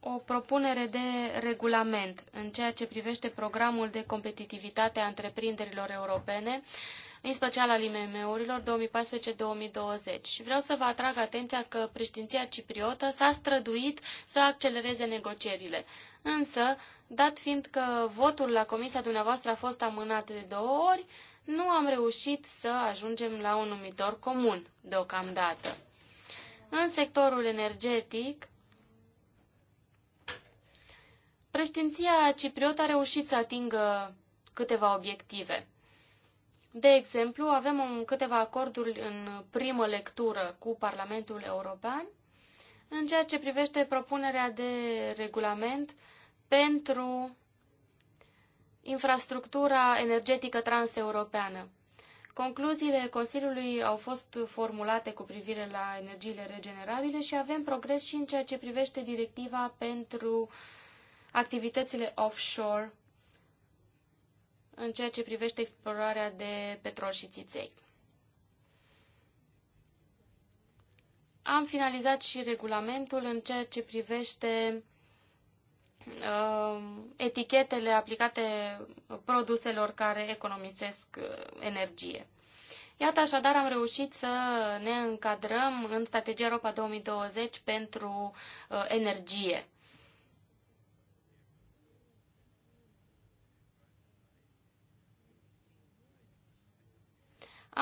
o propunere de regulament în ceea ce privește programul de competitivitate a întreprinderilor europene. Uh, în special al IMM-urilor 2014-2020. Și vreau să vă atrag atenția că președinția cipriotă s-a străduit să accelereze negocierile. Însă, dat fiind că votul la comisia dumneavoastră a fost amânat de două ori, nu am reușit să ajungem la un numitor comun deocamdată. În sectorul energetic, președinția cipriotă a reușit să atingă câteva obiective. De exemplu, avem câteva acorduri în primă lectură cu Parlamentul European în ceea ce privește propunerea de regulament pentru infrastructura energetică transeuropeană. Concluziile Consiliului au fost formulate cu privire la energiile regenerabile și avem progres și în ceea ce privește directiva pentru activitățile offshore în ceea ce privește explorarea de petrol și țiței. Am finalizat și regulamentul în ceea ce privește uh, etichetele aplicate produselor care economisesc uh, energie. Iată, așadar, am reușit să ne încadrăm în strategia Europa 2020 pentru uh, energie.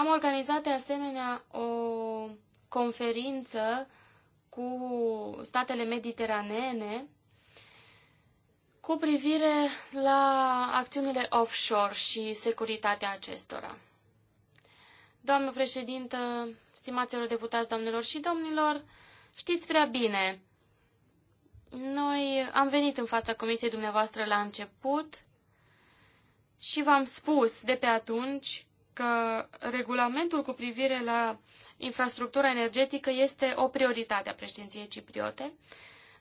Am organizat de asemenea o conferință cu statele mediteranene cu privire la acțiunile offshore și securitatea acestora. Doamnă președintă, stimaților deputați, doamnelor și domnilor, știți prea bine, noi am venit în fața comisiei dumneavoastră la început și v-am spus de pe atunci că regulamentul cu privire la infrastructura energetică este o prioritate a președinției cipriote.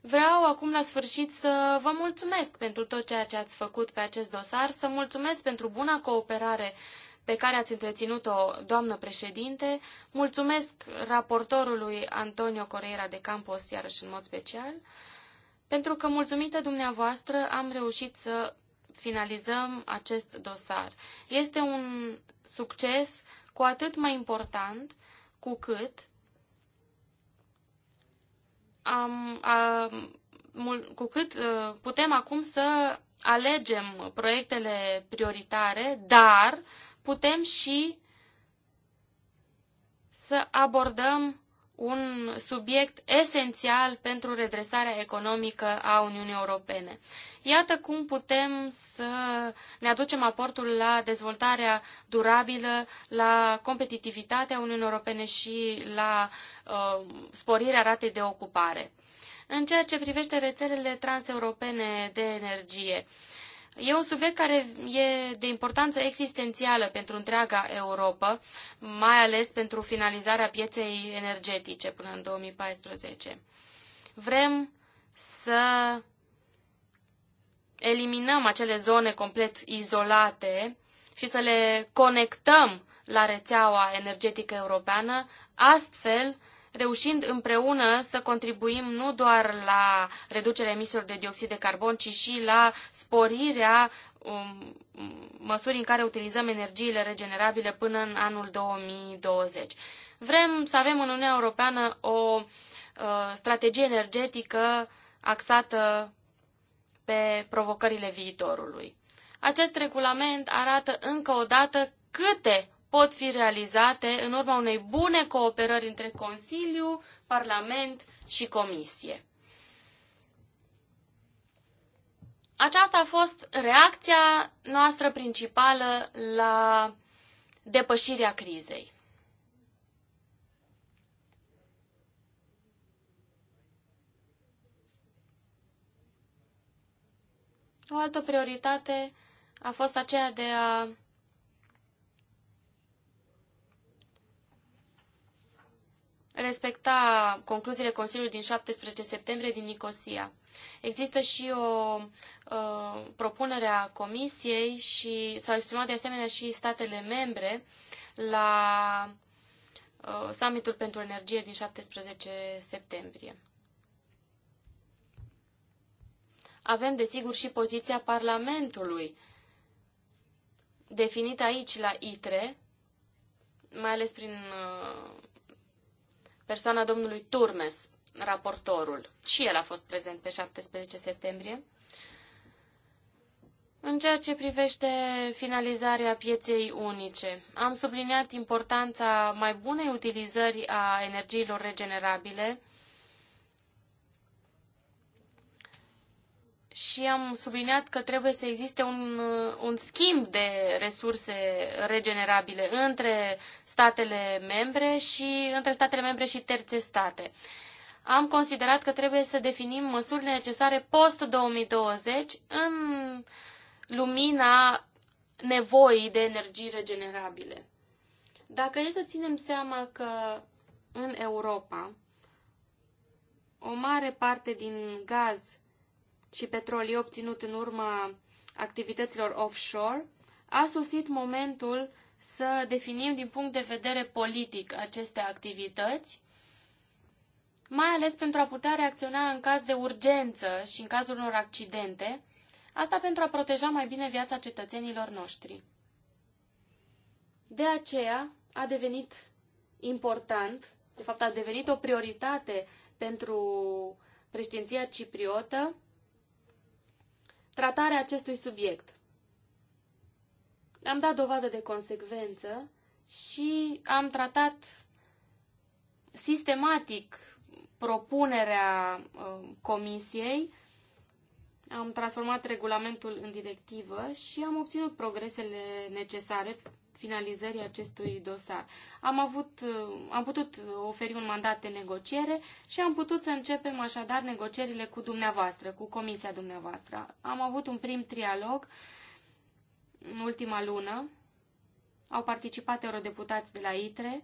Vreau acum la sfârșit să vă mulțumesc pentru tot ceea ce ați făcut pe acest dosar, să mulțumesc pentru buna cooperare pe care ați întreținut-o, doamnă președinte. Mulțumesc raportorului Antonio Correira de Campos, iarăși în mod special, pentru că, mulțumită dumneavoastră, am reușit să finalizăm acest dosar. Este un succes cu atât mai important cu cât am, a, mul, cu cât uh, putem acum să alegem proiectele prioritare, dar putem și să abordăm un subiect esențial pentru redresarea economică a Uniunii Europene. Iată cum putem să ne aducem aportul la dezvoltarea durabilă, la competitivitatea Uniunii Europene și la uh, sporirea ratei de ocupare. În ceea ce privește rețelele transeuropene de energie, uh, E un subiect care e de importanță existențială pentru întreaga Europa, mai ales pentru finalizarea pieței energetice până în 2014. Vrem să eliminăm acele zone complet izolate și să le conectăm la rețeaua energetică europeană, astfel reușind împreună să contribuim nu doar la reducerea emisiilor de dioxid de carbon, ci și la sporirea um, măsurii în care utilizăm energiile regenerabile până în anul 2020. Vrem să avem în Uniunea Europeană o uh, strategie energetică axată pe provocările viitorului. Acest regulament arată încă o dată câte pot fi realizate în urma unei bune cooperări între Consiliu, Parlament și Comisie. Aceasta a fost reacția noastră principală la depășirea crizei. O altă prioritate a fost aceea de a respecta concluziile Consiliului din 17 septembrie din Nicosia. Există și o uh, propunere a Comisiei și s-au exprimat de asemenea și statele membre la uh, summitul pentru energie din 17 septembrie. Avem, desigur, și poziția Parlamentului, definită aici la ITRE, mai ales prin uh, persoana domnului Turmes, raportorul. Și el a fost prezent pe 17 septembrie. În ceea ce privește finalizarea pieței unice, am subliniat importanța mai bunei utilizări a energiilor regenerabile și am subliniat că trebuie să existe un, un schimb de resurse regenerabile între statele membre și între statele membre și terțe state. Am considerat că trebuie să definim măsurile necesare post-2020 în lumina nevoii de energii regenerabile. Dacă e să ținem seama că în Europa o mare parte din gaz și petrolii obținut în urma activităților offshore, a susit momentul să definim din punct de vedere politic aceste activități, mai ales pentru a putea reacționa în caz de urgență și în cazul unor accidente, asta pentru a proteja mai bine viața cetățenilor noștri. De aceea a devenit important, de fapt a devenit o prioritate pentru președinția cipriotă, tratarea acestui subiect. Am dat dovadă de consecvență și am tratat sistematic propunerea uh, comisiei, am transformat regulamentul în directivă și am obținut progresele necesare finalizării acestui dosar. Am, avut, uh, am putut oferi un mandat de negociere și am putut să începem așadar negocierile cu dumneavoastră, cu comisia dumneavoastră. Am avut un prim trialog în ultima lună. Au participat eurodeputați de la ITRE.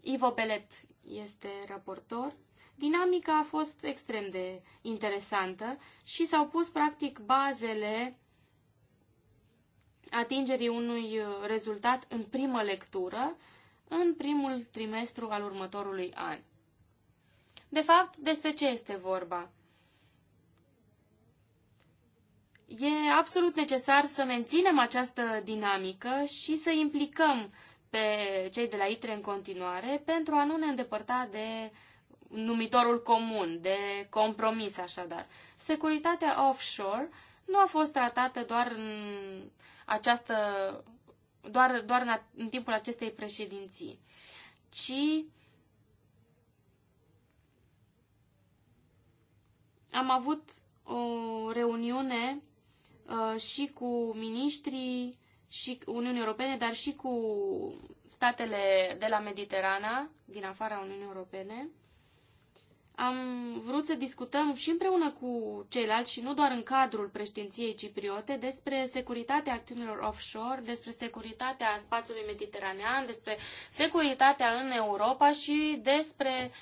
Ivo Belet este raportor. Dinamica a fost extrem de interesantă și s-au pus practic bazele atingerii unui uh, rezultat în primă lectură în primul trimestru al următorului an. De fapt, despre ce este vorba? E absolut necesar să menținem această dinamică și să implicăm pe cei de la ITRE în continuare pentru a nu ne îndepărta de numitorul comun, de compromis așadar. Securitatea offshore nu a fost tratată doar în această, doar, doar în, a, în timpul acestei președinții, ci am avut o reuniune uh, și cu miniștrii și Uniunii Europene, dar și cu statele de la Mediterana, din afara Uniunii Europene. Am vrut să discutăm și împreună cu ceilalți și nu doar în cadrul președinției cipriote despre securitatea acțiunilor offshore, despre securitatea spațiului mediteranean, despre securitatea în Europa și despre,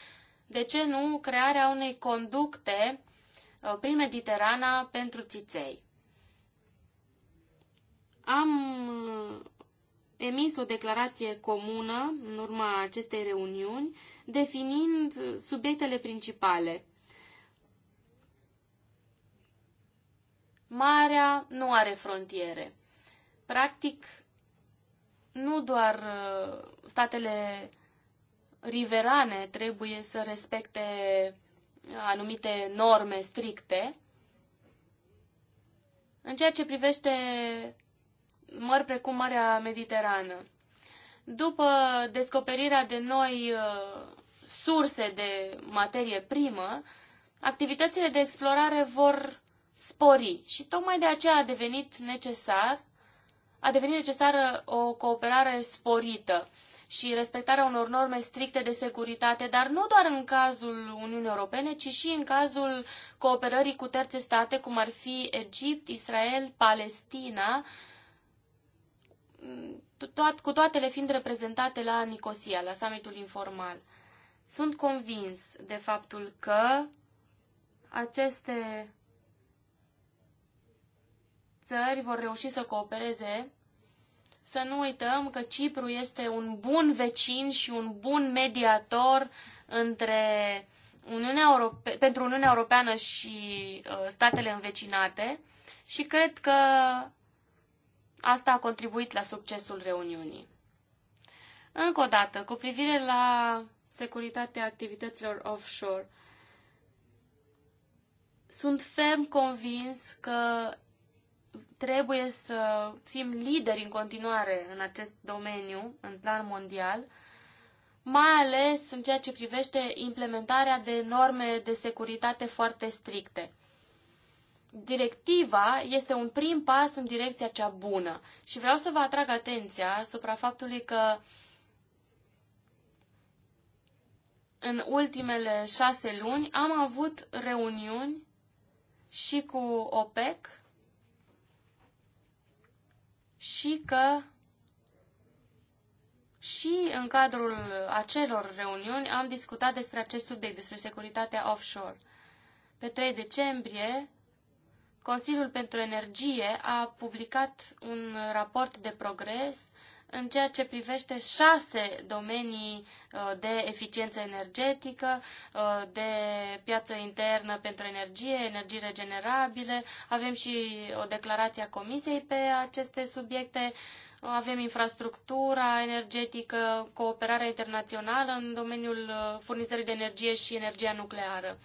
de ce nu, crearea unei conducte uh, prin Mediterana pentru țiței. Am emis o declarație comună în urma acestei reuniuni, definind subiectele principale. Marea nu are frontiere. Practic, nu doar uh, statele riverane trebuie să respecte anumite norme stricte, în ceea ce privește mări precum Marea Mediterană. După descoperirea de noi uh, surse de materie primă, activitățile de explorare vor spori și tocmai de aceea a devenit necesar a devenit necesară o cooperare sporită și respectarea unor norme stricte de securitate, dar nu doar în cazul Uniunii Europene, ci și în cazul cooperării cu terțe state, cum ar fi Egipt, Israel, Palestina, cu toatele fiind reprezentate la Nicosia, la summitul informal. Sunt convins de faptul că aceste țări vor reuși să coopereze. Să nu uităm că Cipru este un bun vecin și un bun mediator între Uniunea Europe- pentru Uniunea Europeană și uh, statele învecinate și cred că Asta a contribuit la succesul reuniunii. Încă o dată, cu privire la securitatea activităților offshore, sunt ferm convins că trebuie să fim lideri în continuare în acest domeniu, în plan mondial, mai ales în ceea ce privește implementarea de norme de securitate foarte stricte directiva este un prim pas în direcția cea bună și vreau să vă atrag atenția asupra faptului că în ultimele șase luni am avut reuniuni și cu OPEC și că și în cadrul acelor reuniuni am discutat despre acest subiect, despre securitatea offshore. Pe 3 decembrie Consiliul pentru Energie a publicat un raport de progres în ceea ce privește șase domenii uh, de eficiență energetică, uh, de piață internă pentru energie, energii regenerabile. Avem și o declarație a Comisiei pe aceste subiecte. Avem infrastructura energetică, cooperarea internațională în domeniul uh, furnizării de energie și energia nucleară.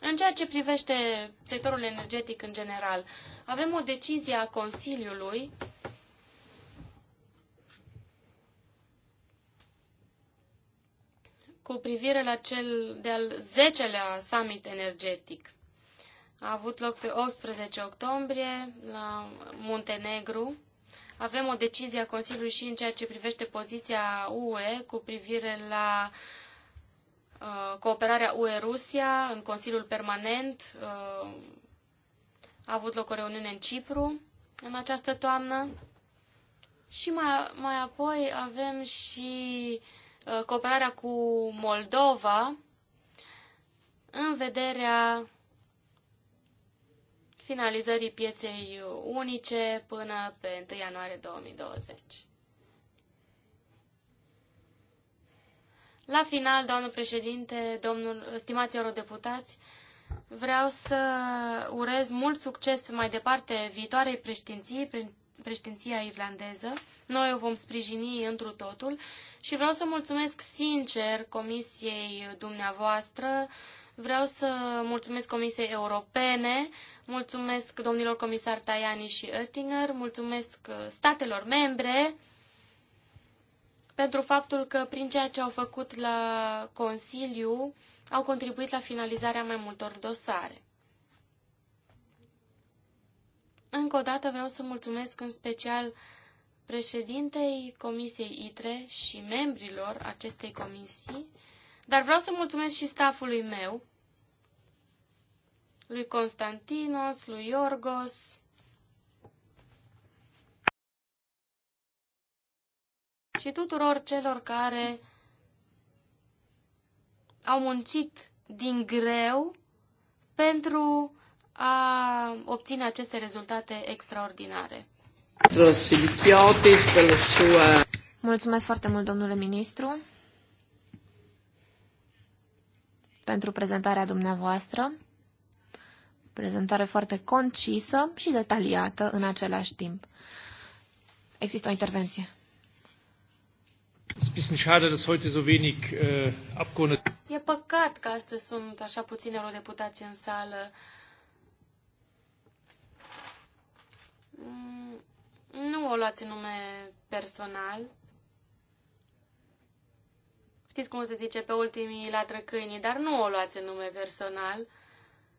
În ceea ce privește sectorul energetic în general, avem o decizie a Consiliului cu privire la cel de-al 10-lea summit energetic. A avut loc pe 18 octombrie la Muntenegru. Avem o decizie a Consiliului și în ceea ce privește poziția UE cu privire la uh, Uh, cooperarea UE-Rusia în Consiliul Permanent. Uh, a avut loc o reuniune în Cipru în această toamnă. Și mai, mai apoi avem și uh, cooperarea cu Moldova în vederea finalizării pieței unice până pe 1 ianuarie 2020. La final, doamnă președinte, domnul, stimați eurodeputați, vreau să urez mult succes pe mai departe viitoarei preștinții, prin preștinția irlandeză. Noi o vom sprijini întru totul și vreau să mulțumesc sincer Comisiei dumneavoastră, vreau să mulțumesc Comisiei Europene, mulțumesc domnilor comisar Tajani și Oettinger, mulțumesc uh, statelor membre, pentru faptul că prin ceea ce au făcut la Consiliu au contribuit la finalizarea mai multor dosare. Încă o dată vreau să mulțumesc în special președintei Comisiei ITRE și membrilor acestei comisii, dar vreau să mulțumesc și stafului meu, lui Constantinos, lui Iorgos, și tuturor celor care au muncit din greu pentru a obține aceste rezultate extraordinare. Mulțumesc foarte mult, domnule ministru, pentru prezentarea dumneavoastră. Prezentare foarte concisă și detaliată în același timp. Există o intervenție. Äh, e păcat că astăzi sunt așa puțini eurodeputați în sală. Mm, nu o luați în nume personal. Știți cum se zice pe ultimii la trăcâinii, dar nu o luați în nume personal.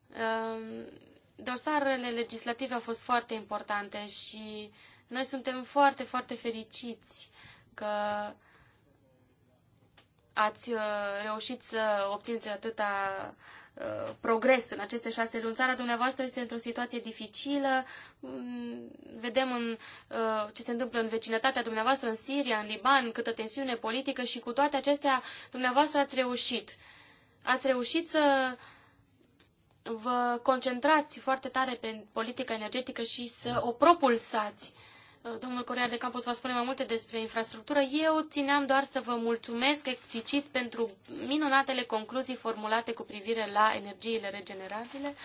Um, dosarele legislative au fost foarte importante și noi suntem foarte, foarte fericiți că ați uh, reușit să obțineți atâta uh, progres în aceste șase luni. Țara dumneavoastră este într-o situație dificilă. Mm, vedem în, uh, ce se întâmplă în vecinătatea dumneavoastră, în Siria, în Liban, câtă tensiune politică și cu toate acestea dumneavoastră ați reușit. Ați reușit să vă concentrați foarte tare pe politica energetică și să da. o propulsați. Eh, domnul Coreal de Campos va spune mai multe despre infrastructură. Eu țineam doar să vă mulțumesc explicit pentru minunatele concluzii formulate cu privire la energiile regenerabile.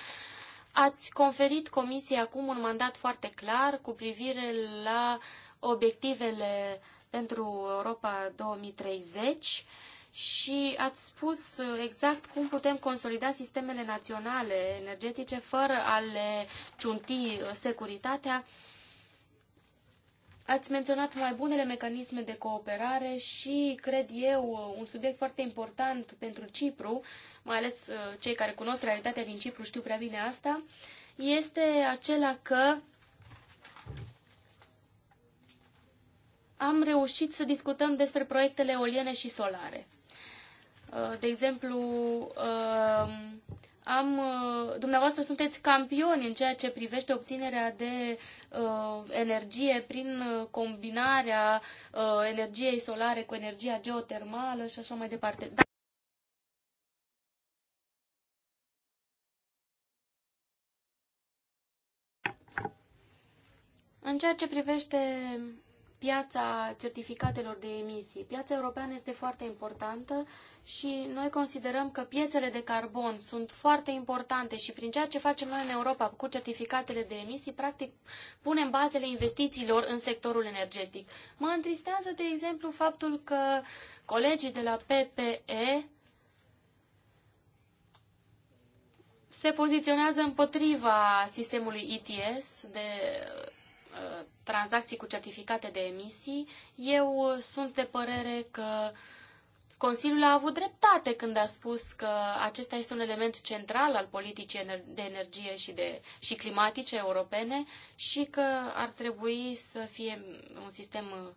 Ați conferit Comisiei acum un mandat foarte clar cu privire la obiectivele pentru Europa 2030 și ați spus exact cum putem consolida sistemele naționale energetice fără a le ciunti eh, securitatea. Uh, Ați menționat mai bunele mecanisme de cooperare și, cred eu, un subiect foarte important pentru Cipru, mai ales uh, cei care cunosc realitatea din Cipru știu prea bine asta, este acela că am reușit să discutăm despre proiectele eoliene și solare. Uh, de exemplu, uh, am, uh, dumneavoastră sunteți campioni în ceea ce privește obținerea de uh, energie prin uh, combinarea uh, energiei solare cu energia geotermală și așa mai departe. Da. În ceea ce privește piața certificatelor de emisii. Piața europeană este foarte importantă și noi considerăm că piețele de carbon sunt foarte importante și prin ceea ce facem noi în Europa cu certificatele de emisii, practic punem bazele investițiilor în sectorul energetic. Mă întristează, de exemplu, faptul că colegii de la PPE se poziționează împotriva sistemului ETS de tranzacții cu certificate de emisii, eu sunt de părere că Consiliul a avut dreptate când a spus că acesta este un element central al politicii de energie și, de, și climatice europene și că ar trebui să fie un sistem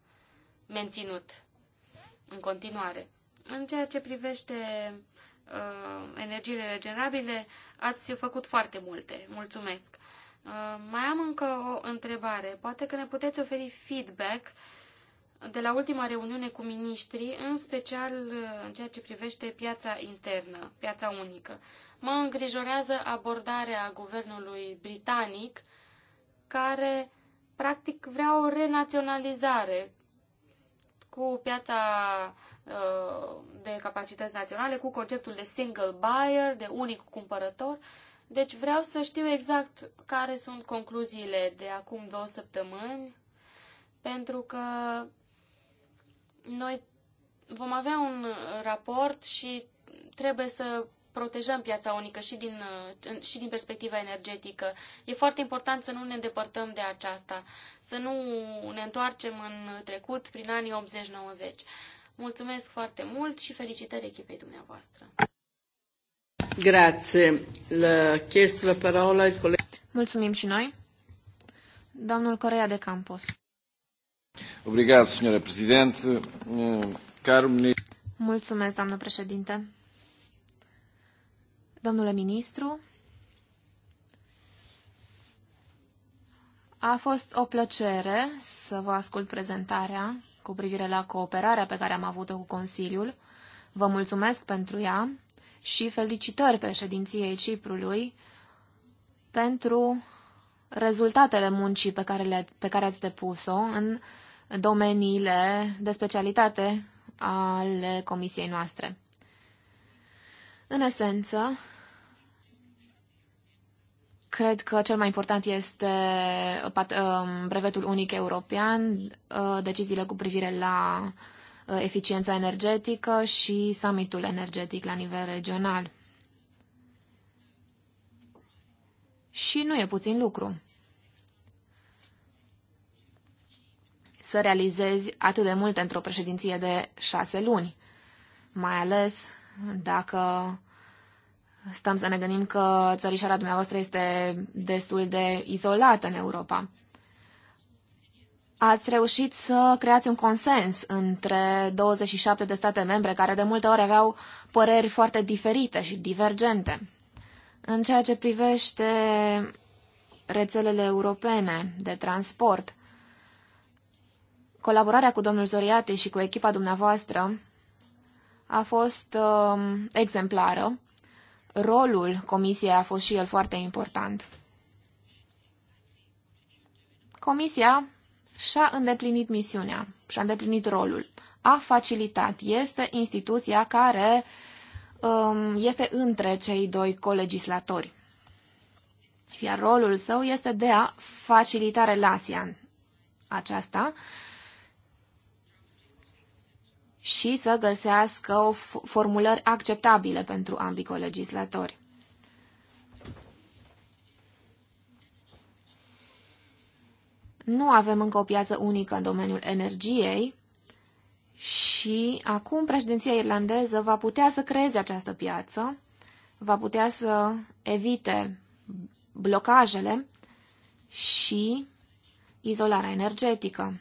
menținut în continuare. În ceea ce privește uh, energiile regenerabile, ați făcut foarte multe. Mulțumesc! Uh, mai am încă o întrebare. Poate că ne puteți oferi feedback de la ultima reuniune cu miniștrii, în special uh, în ceea ce privește piața internă, piața unică. Mă îngrijorează abordarea guvernului britanic, care practic vrea o renaționalizare cu piața uh, de capacități naționale, cu conceptul de single buyer, de unic cumpărător. Deci vreau să știu exact care sunt concluziile de acum două săptămâni, pentru că noi vom avea un raport și trebuie să protejăm piața unică și din, și din perspectiva energetică. E foarte important să nu ne îndepărtăm de aceasta, să nu ne întoarcem în trecut prin anii 80-90. Mulțumesc foarte mult și felicitări echipei dumneavoastră! Grazie. Le chiesto la parola il coleg... Mulțumim și noi. Domnul Corea de Campos. Obrigat, signore președinte. Caro Mulțumesc, doamnă președinte. Domnule ministru, a fost o plăcere să vă ascult prezentarea cu privire la cooperarea pe care am avut-o cu Consiliul. Vă mulțumesc pentru ea și felicitări președinției Ciprului pentru rezultatele muncii pe care, le, pe care ați depus-o în domeniile de specialitate ale comisiei noastre. În esență, cred că cel mai important este um, brevetul unic european, uh, deciziile cu privire la Uh, eficiența energetică și summitul energetic la nivel regional. Și nu e puțin lucru. Să realizezi atât de multe într-o președinție de șase luni, mai ales dacă stăm să ne gândim că țărișara dumneavoastră este destul de izolată în Europa ați reușit să creați un consens între 27 de state membre care de multe ori aveau păreri foarte diferite și divergente. În ceea ce privește rețelele europene de transport, colaborarea cu domnul Zoriate și cu echipa dumneavoastră a fost uh, exemplară. Rolul comisiei a fost și el foarte important. Comisia și-a îndeplinit misiunea, și-a îndeplinit rolul. A facilitat. Este instituția care um, este între cei doi colegislatori. Iar rolul său este de a facilita relația aceasta și să găsească o formulări acceptabile pentru ambii colegislatori. Nu avem încă o piață unică în domeniul energiei și acum președinția irlandeză va putea să creeze această piață, va putea să evite blocajele și izolarea energetică.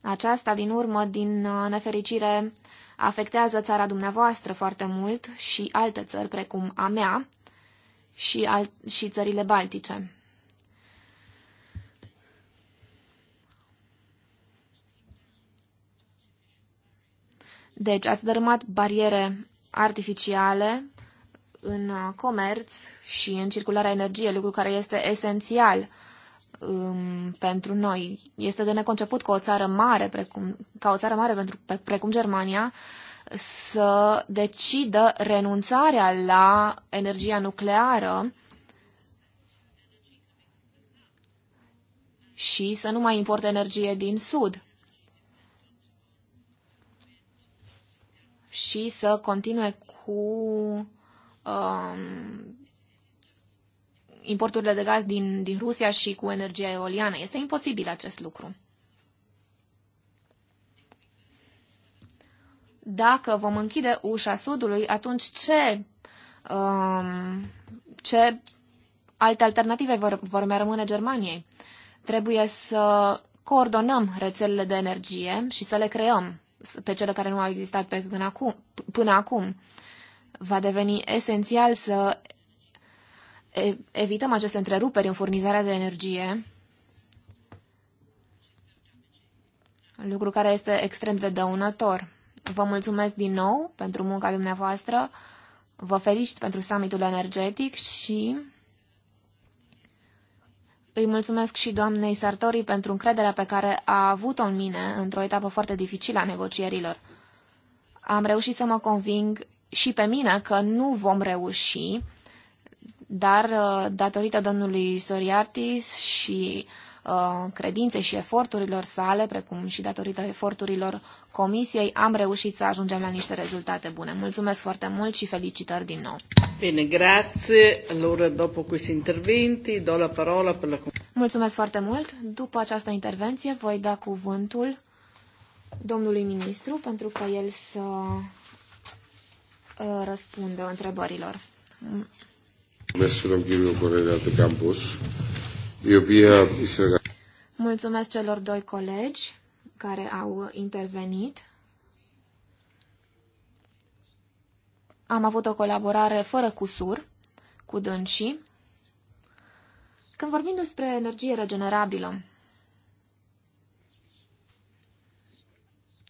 Aceasta, din urmă, din nefericire, afectează țara dumneavoastră foarte mult și alte țări, precum a mea și, al- și țările baltice. Deci ați dărâmat bariere artificiale în comerț și în circularea energiei, lucru care este esențial um, pentru noi. Este de neconceput ca o țară mare, precum, ca o țară mare pentru, precum Germania, să decidă renunțarea la energia nucleară și să nu mai importe energie din Sud. și să continue cu um, importurile de gaz din, din Rusia și cu energia eoliană. Este imposibil acest lucru. Dacă vom închide ușa Sudului, atunci ce, um, ce alte alternative vor, vor mai rămâne Germaniei? Trebuie să coordonăm rețelele de energie și să le creăm pe cele care nu au existat pe până acum. Până acum. Va deveni esențial să evităm aceste întreruperi în furnizarea de energie, lucru care este extrem de dăunător. Vă mulțumesc din nou pentru munca dumneavoastră, vă felicit pentru summitul energetic și îi mulțumesc și doamnei Sartori pentru încrederea pe care a avut-o în mine într-o etapă foarte dificilă a negocierilor. Am reușit să mă conving și pe mine că nu vom reuși, dar uh, datorită domnului Soriartis și uh, credinței și eforturilor sale, precum și datorită eforturilor comisiei, am reușit să ajungem la niște rezultate bune. Mulțumesc foarte mult și felicitări din nou. Bine, grazie. Allora, dopo questi interventi, do la parola per la... Mulțumesc foarte mult. După această intervenție, voi da cuvântul domnului ministru pentru că el să uh, răspundă întrebărilor. Mulțumesc, domnul Ghiriu Correa de Campus. Mulțumesc celor doi colegi care au intervenit. Am avut o colaborare fără cusur cu dânsii. Când vorbim despre energie regenerabilă,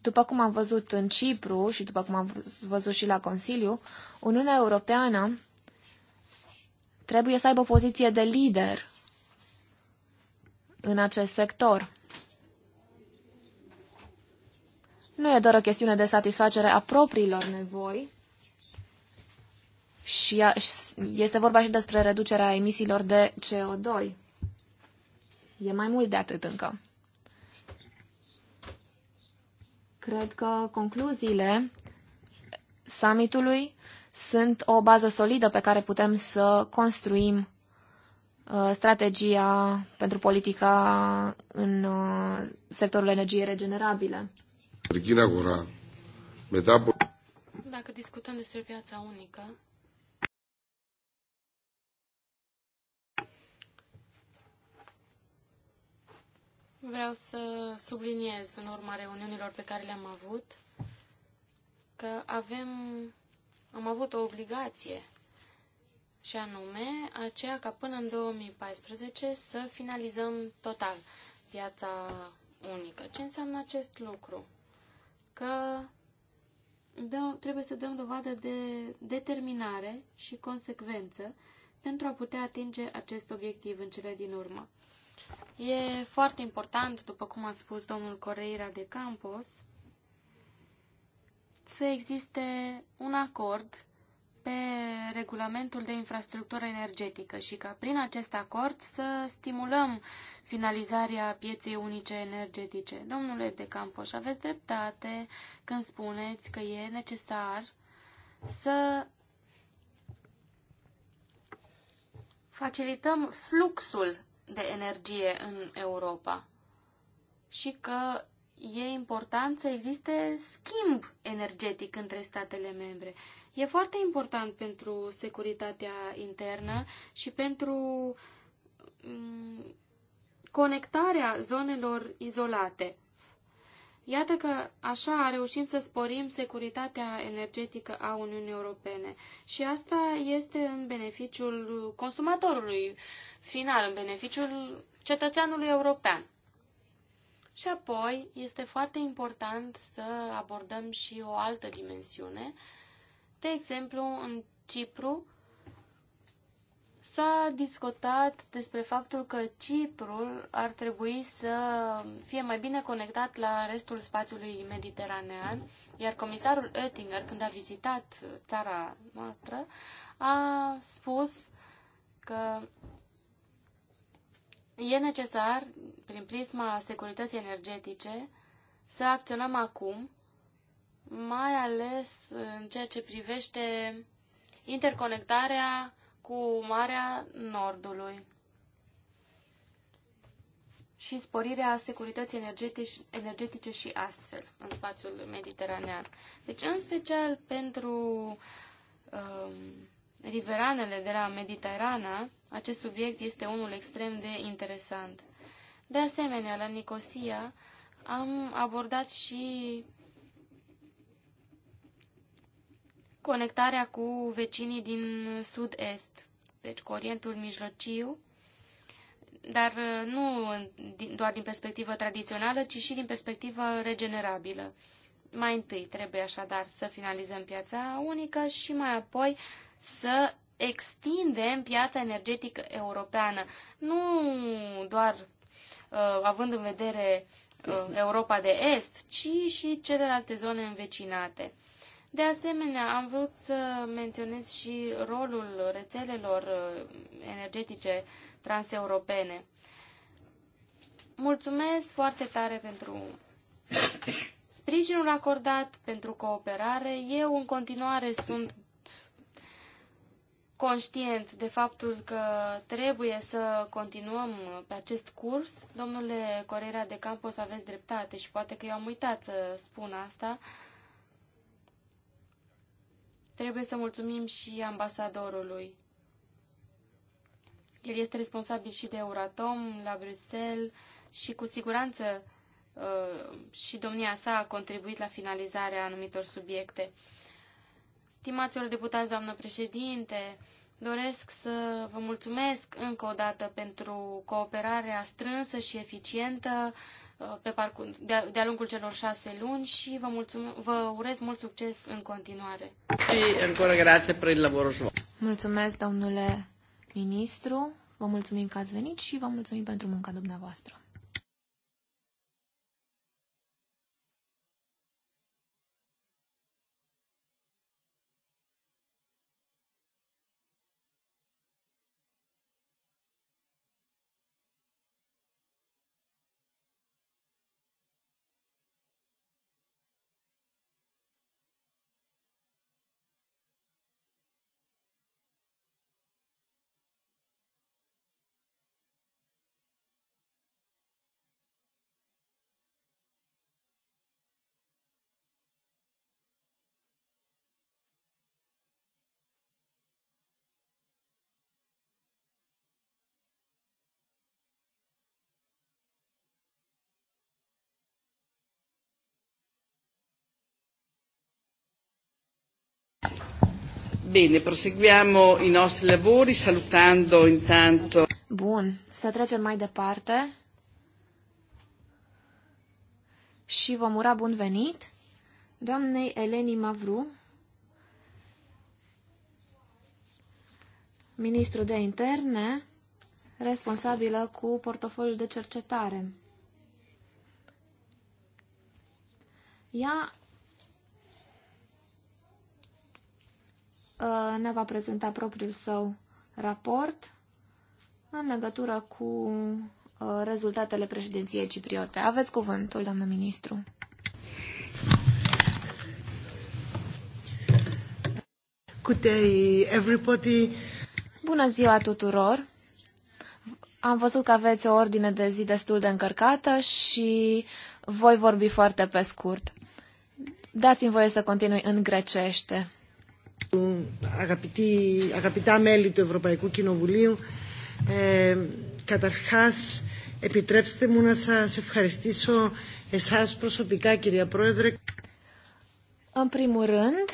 după cum am văzut în Cipru și după cum am văzut și la Consiliu, Uniunea Europeană trebuie să aibă o poziție de lider în acest sector. Nu e doar o chestiune de satisfacere a propriilor nevoi, și este vorba și despre reducerea emisiilor de CO2. E mai mult de atât încă. Cred că concluziile summitului sunt o bază solidă pe care putem să construim Uh, strategia pentru politica în uh, sectorul energiei regenerabile. Dacă discutăm despre piața unică, vreau să subliniez în urma reuniunilor pe care le-am avut că avem, am avut o obligație și anume aceea ca până în 2014 să finalizăm total piața unică. Ce înseamnă acest lucru? Că dă, trebuie să dăm dovadă de determinare și consecvență pentru a putea atinge acest obiectiv în cele din urmă. E foarte important, după cum a spus domnul Correira de Campos, să existe un acord pe regulamentul de infrastructură energetică și ca prin acest acord să stimulăm finalizarea pieței unice energetice. Domnule de Campoș, aveți dreptate când spuneți că e necesar să facilităm fluxul de energie în Europa și că e important să existe schimb energetic între statele membre. E foarte important pentru securitatea internă și pentru mm, conectarea zonelor izolate. Iată că așa reușim să sporim securitatea energetică a Uniunii Europene și asta este în beneficiul consumatorului final, în beneficiul cetățeanului european. Și apoi este foarte important să abordăm și o altă dimensiune, de exemplu, în Cipru s-a discutat despre faptul că Ciprul ar trebui să fie mai bine conectat la restul spațiului mediteranean, iar comisarul Oettinger, când a vizitat țara noastră, a spus că e necesar, prin prisma securității energetice, să acționăm acum mai ales în ceea ce privește interconectarea cu Marea Nordului și sporirea securității energetice și astfel în spațiul mediteranean. Deci, în special pentru um, riveranele de la Mediterana, acest subiect este unul extrem de interesant. De asemenea, la Nicosia am abordat și conectarea cu vecinii din sud-est, deci cu Orientul Mijlociu, dar uh, nu doar din perspectivă tradițională, ci și din perspectivă regenerabilă. Mai întâi trebuie așadar să finalizăm piața unică și mai apoi să extindem piața energetică europeană, nu doar uh, având în vedere uh, Europa de Est, ci și celelalte zone învecinate. De asemenea, am vrut să menționez și rolul rețelelor uh, energetice transeuropene. Mulțumesc foarte tare pentru sprijinul acordat, pentru cooperare. Eu în continuare sunt conștient de faptul că trebuie să continuăm pe acest curs. Domnule Corera de Campos, aveți dreptate și poate că eu am uitat să spun asta. Uh, Trebuie să mulțumim și ambasadorului. El este responsabil și de Euratom la Bruxelles și cu siguranță uh, și domnia sa a contribuit la finalizarea anumitor subiecte. Stimaților deputați, doamnă președinte, doresc să vă mulțumesc încă o dată pentru cooperarea strânsă și eficientă pe parcurs, de-a, de lungul celor șase luni și vă, mulțum, vă urez mult succes în continuare. Și încă grație pentru laborul Mulțumesc, domnule ministru, vă mulțumim că ați venit și vă mulțumim pentru munca dumneavoastră. Bine, proseguiamo i nostri lavori salutando intanto. Bun, să trecem mai departe. Și vom ura bun venit doamnei Eleni Mavru, ministru de interne, responsabilă cu portofoliul de cercetare. Ea Uh, ne va prezenta propriul său raport în legătură cu uh, rezultatele președinției cipriote. Aveți cuvântul, doamnă ministru. Good day, everybody. Bună ziua tuturor! Am văzut că aveți o ordine de zi destul de încărcată și voi vorbi foarte pe scurt. Dați-mi voie să continui în grecește. Αγαπητοί, αγαπητά μέλη του Ευρωπαϊκού Κοινοβουλίου, ε, καταρχάς επιτρέψτε μου να σας ευχαριστήσω εσάς προσωπικά κυρία Πρόεδρε. În primul rând,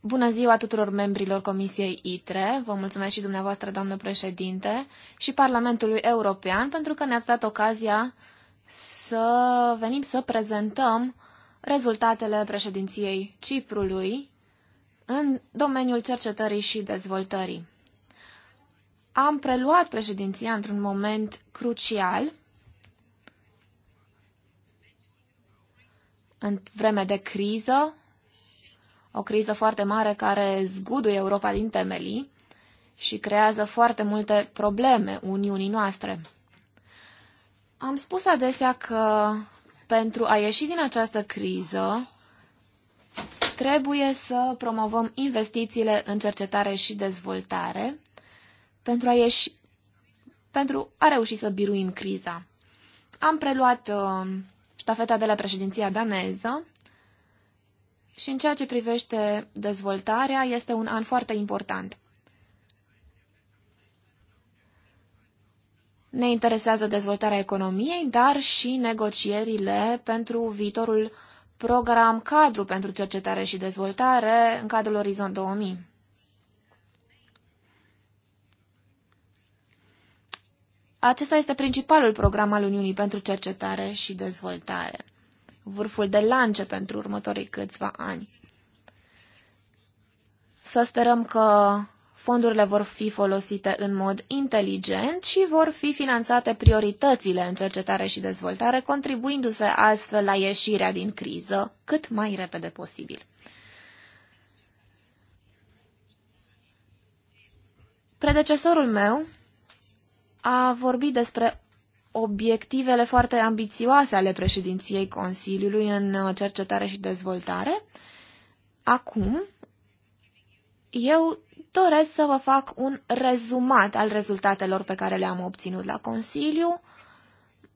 bună ziua tuturor membrilor Comisiei ITRE, vă mulțumesc și dumneavoastră, doamnă președinte, și Parlamentului European pentru că ne-ați dat ocazia să venim să prezentăm rezultatele președinției Ciprului în domeniul cercetării și dezvoltării. Am preluat președinția într-un moment crucial, în vreme de criză, o criză foarte mare care zguduie Europa din temelii și creează foarte multe probleme Uniunii noastre. Am spus adesea că pentru a ieși din această criză Trebuie să promovăm investițiile în cercetare și dezvoltare pentru a, ieși, pentru a reuși să biruim criza. Am preluat uh, ștafeta de la președinția daneză și în ceea ce privește dezvoltarea este un an foarte important. Ne interesează dezvoltarea economiei, dar și negocierile pentru viitorul uh, program cadru pentru cercetare și dezvoltare în cadrul Orizont 2000. Acesta este principalul program al Uniunii pentru cercetare și dezvoltare, vârful de lance pentru următorii câțiva ani. Să sperăm că fondurile vor fi folosite în mod inteligent și vor fi finanțate prioritățile în cercetare și dezvoltare, contribuindu-se astfel la ieșirea din criză cât mai repede posibil. Predecesorul meu a vorbit despre obiectivele foarte ambițioase ale președinției Consiliului în uh, cercetare și dezvoltare. Acum, eu doresc să vă fac un rezumat al rezultatelor pe care le-am obținut la Consiliu,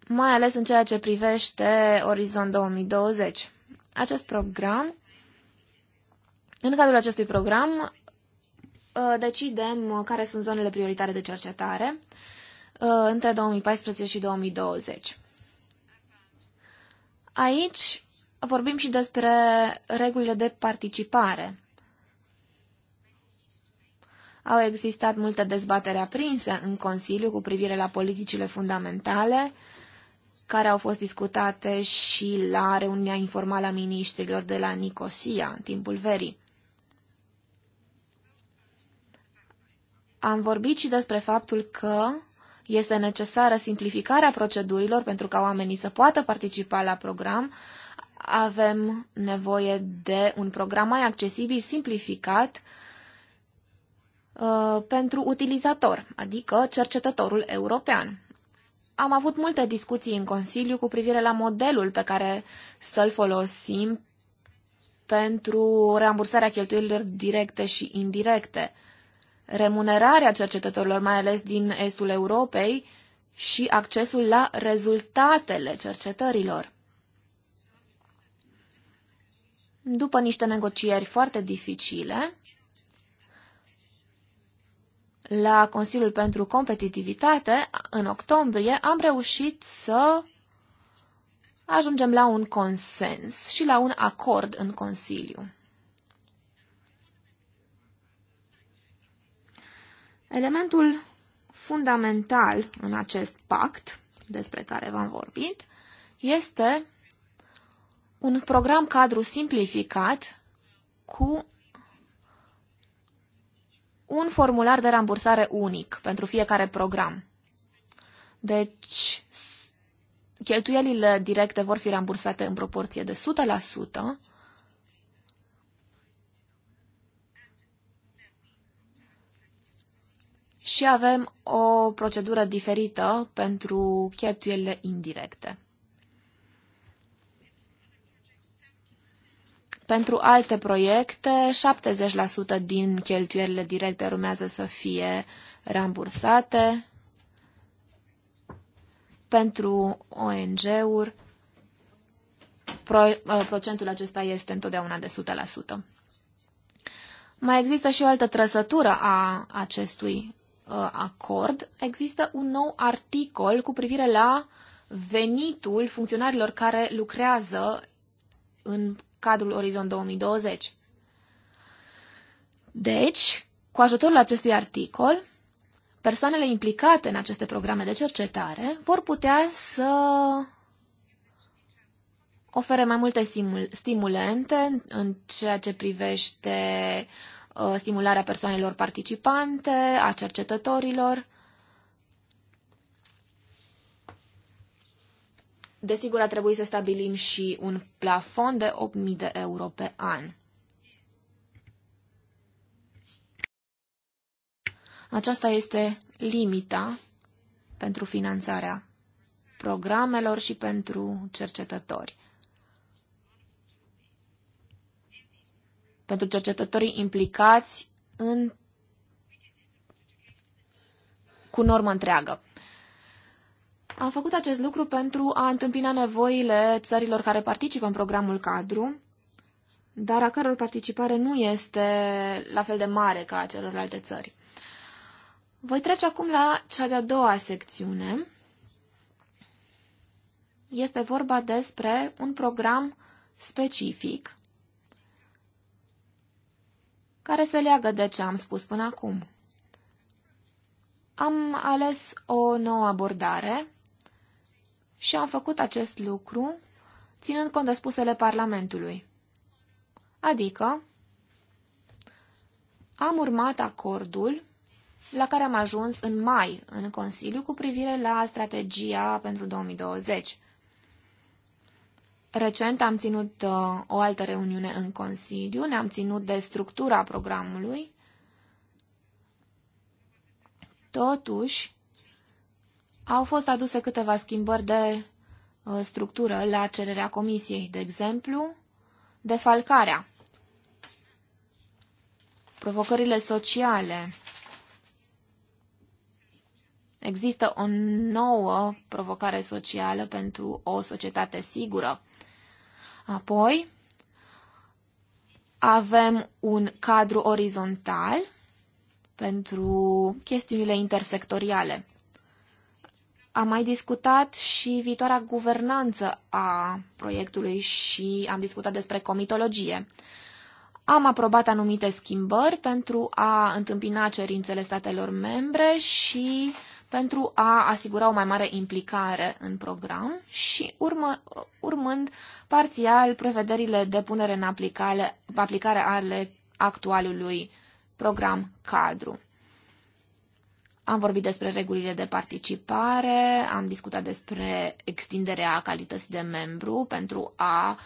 mai ales în ceea ce privește Orizont 2020. Acest program, în cadrul acestui program, uh, decidem care sunt zonele prioritare de cercetare uh, între 2014 și 2020. Aici vorbim și despre regulile de participare au existat multe dezbatere aprinse în Consiliu cu privire la politicile fundamentale, care au fost discutate și la reuniunea informală a miniștrilor de la Nicosia, în timpul verii. Am vorbit și despre faptul că este necesară simplificarea procedurilor pentru ca oamenii să poată participa la program. Avem nevoie de un program mai accesibil, simplificat, Uh, pentru utilizator, adică cercetătorul european. Am avut multe discuții în Consiliu cu privire la modelul pe care să-l folosim pentru reambursarea cheltuielilor directe și indirecte. Remunerarea cercetătorilor, mai ales din estul Europei, și accesul la rezultatele cercetărilor. După niște negocieri foarte dificile, la Consiliul pentru Competitivitate, în octombrie, am reușit să ajungem la un consens și la un acord în Consiliu. Elementul fundamental în acest pact, despre care v-am vorbit, este un program cadru simplificat cu un formular de rambursare unic pentru fiecare program. Deci, cheltuielile directe vor fi rambursate în proporție de 100%, și avem o procedură diferită pentru cheltuielile indirecte. Pentru alte proiecte, 70% din cheltuielile directe urmează să fie rambursate. Pentru ONG-uri, pro, ă, procentul acesta este întotdeauna de 100%. Mai există și o altă trăsătură a acestui ă, acord. Există un nou articol cu privire la venitul funcționarilor care lucrează în cadrul Orizont 2020. Deci, cu ajutorul acestui articol, persoanele implicate în aceste programe de cercetare vor putea să ofere mai multe stimulente în ceea ce privește uh, stimularea persoanelor participante, a cercetătorilor Desigur, a trebuit să stabilim și un plafon de 8.000 de euro pe an. Aceasta este limita pentru finanțarea programelor și pentru cercetători. Pentru cercetătorii implicați în cu normă întreagă. Am făcut acest lucru pentru a întâmpina nevoile țărilor care participă în programul cadru, dar a căror participare nu este la fel de mare ca a celorlalte țări. Voi trece acum la cea de-a doua secțiune. Este vorba despre un program specific care se leagă de ce am spus până acum. Am ales o nouă abordare și am făcut acest lucru ținând cont de spusele Parlamentului. Adică, am urmat acordul la care am ajuns în mai în Consiliu cu privire la strategia pentru 2020. Recent am ținut uh, o altă reuniune în Consiliu, ne-am ținut de structura programului. Totuși, au fost aduse câteva schimbări de uh, structură la cererea comisiei, de exemplu, defalcarea, provocările sociale. Există o nouă provocare socială pentru o societate sigură. Apoi, avem un cadru orizontal pentru chestiunile intersectoriale. Am mai discutat și viitoarea guvernanță a proiectului și am discutat despre comitologie. Am aprobat anumite schimbări pentru a întâmpina cerințele statelor membre și pentru a asigura o mai mare implicare în program și urmă, urmând parțial prevederile de punere în aplicare, aplicare ale actualului program cadru. Am vorbit despre regulile de participare, am discutat despre extinderea calității de membru pentru a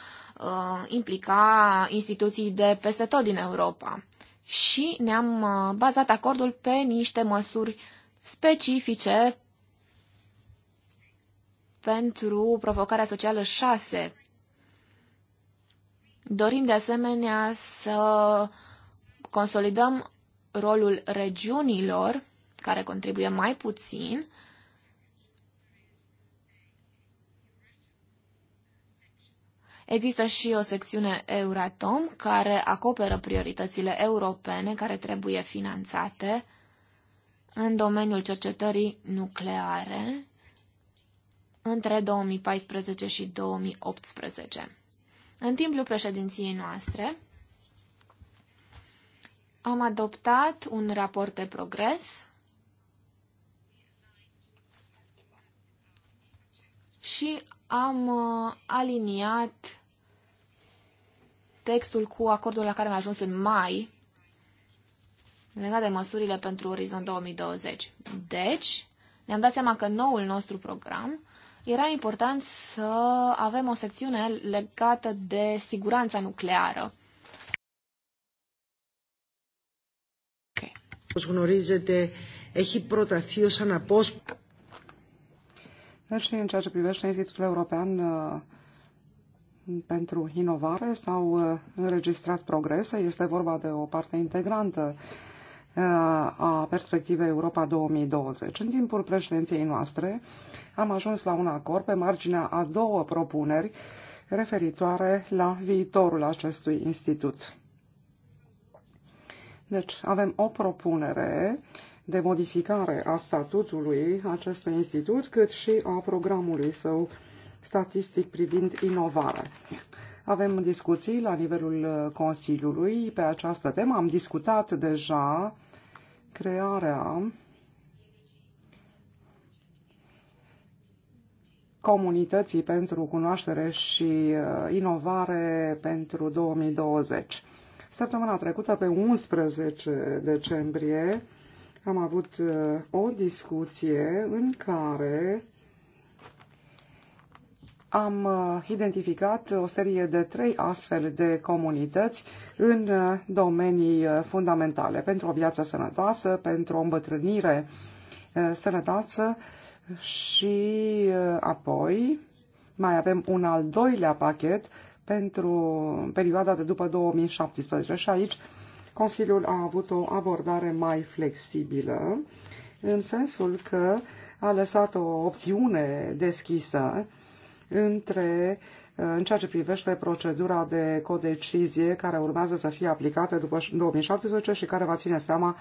uh, implica instituții de peste tot din Europa. Și ne-am uh, bazat acordul pe niște măsuri specifice pentru provocarea socială 6. Dorim de asemenea să consolidăm rolul regiunilor care contribuie mai puțin Există și o secțiune Euratom care acoperă prioritățile europene care trebuie finanțate în domeniul cercetării nucleare între 2014 și 2018. În timpul președinției noastre am adoptat un raport de progres și am uh, aliniat textul cu acordul la care am ajuns în mai legat de măsurile pentru Orizont 2020. Deci, ne-am dat seama că noul nostru program era important să avem o secțiune legată de siguranța nucleară. Okay. Όπως γνωρίζετε, έχει προταθεί ως dar și în ceea ce privește Institutul European uh, pentru Inovare s-au uh, înregistrat progrese. Este vorba de o parte integrantă uh, a perspectivei Europa 2020. În timpul președinției noastre am ajuns la un acord pe marginea a două propuneri referitoare la viitorul acestui institut. Deci avem o propunere uh, de modificare a statutului acestui institut, cât și a programului său statistic privind inovare. Avem discuții la nivelul uh, Consiliului pe această temă. Am discutat deja crearea comunității pentru cunoaștere și uh, inovare pentru 2020. Săptămâna trecută, pe 11 decembrie, am avut uh, o discuție în care am uh, identificat o serie de trei astfel de comunități în uh, domenii fundamentale pentru o viață sănătoasă, pentru o îmbătrânire sănătoasă și apoi mai avem un al doilea pachet pentru perioada de după 2017 și aici Consiliul a avut o abordare mai flexibilă, în sensul că a lăsat o opțiune deschisă între uh, în ceea ce privește procedura de codecizie care urmează să fie aplicată după 2017 și care va ține seama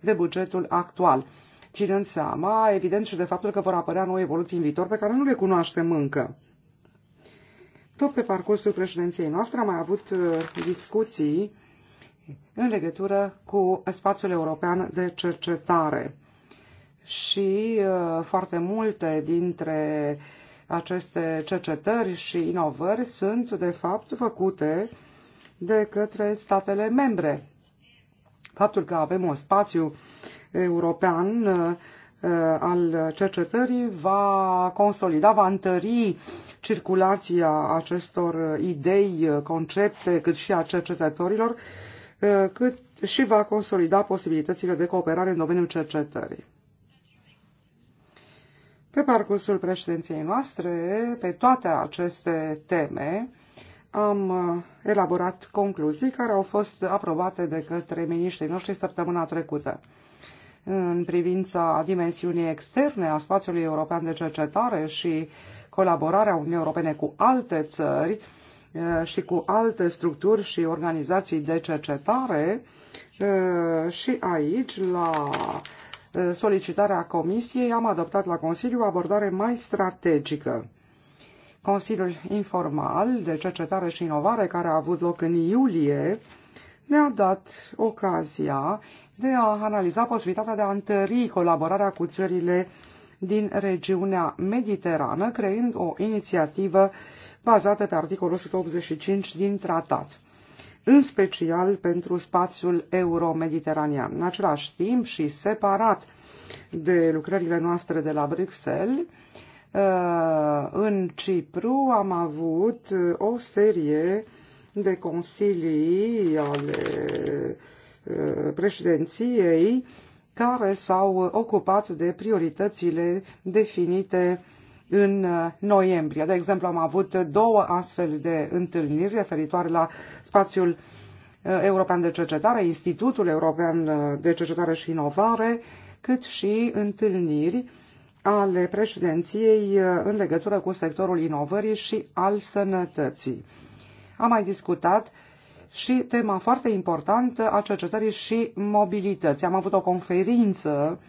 de bugetul actual, ținând seama, evident, și de faptul că vor apărea noi evoluții în viitor pe care nu le cunoaștem încă. Tot pe parcursul președinției noastre am mai avut uh, discuții în legătură cu spațiul european de cercetare. Și uh, foarte multe dintre aceste cercetări și inovări sunt, de fapt, făcute de către statele membre. Faptul că avem un spațiu european uh, uh, al cercetării va consolida, va întări circulația acestor idei, concepte, cât și a cercetătorilor cât și va consolida posibilitățile de cooperare în domeniul cercetării. Pe parcursul președinției noastre, pe toate aceste teme, am elaborat concluzii care au fost aprobate de către miniștrii noștri săptămâna trecută. În privința dimensiunii externe a spațiului european de cercetare și colaborarea Uniunii Europene cu alte țări, Eh, și cu alte structuri și organizații de cercetare eh, și aici, la eh, solicitarea Comisiei, am adoptat la Consiliu o abordare mai strategică. Consiliul informal de cercetare și inovare care a avut loc în iulie ne-a dat ocazia de a analiza posibilitatea de a întări colaborarea cu țările din regiunea mediterană, creând o inițiativă uh, bazată pe articolul 185 din tratat, în special pentru spațiul euro-mediteranean. În același timp și separat de lucrările noastre de la Bruxelles, uh, în Cipru am avut uh, o serie de consilii ale uh, președinției care s-au ocupat de prioritățile definite în uh, noiembrie. De exemplu, am avut două astfel de întâlniri referitoare la spațiul uh, european de cercetare, Institutul European uh, de Cercetare și Inovare, cât și întâlniri ale președinției în legătură cu sectorul inovării și al sănătății. Am mai discutat și tema foarte importantă a cercetării și mobilității. Am avut o conferință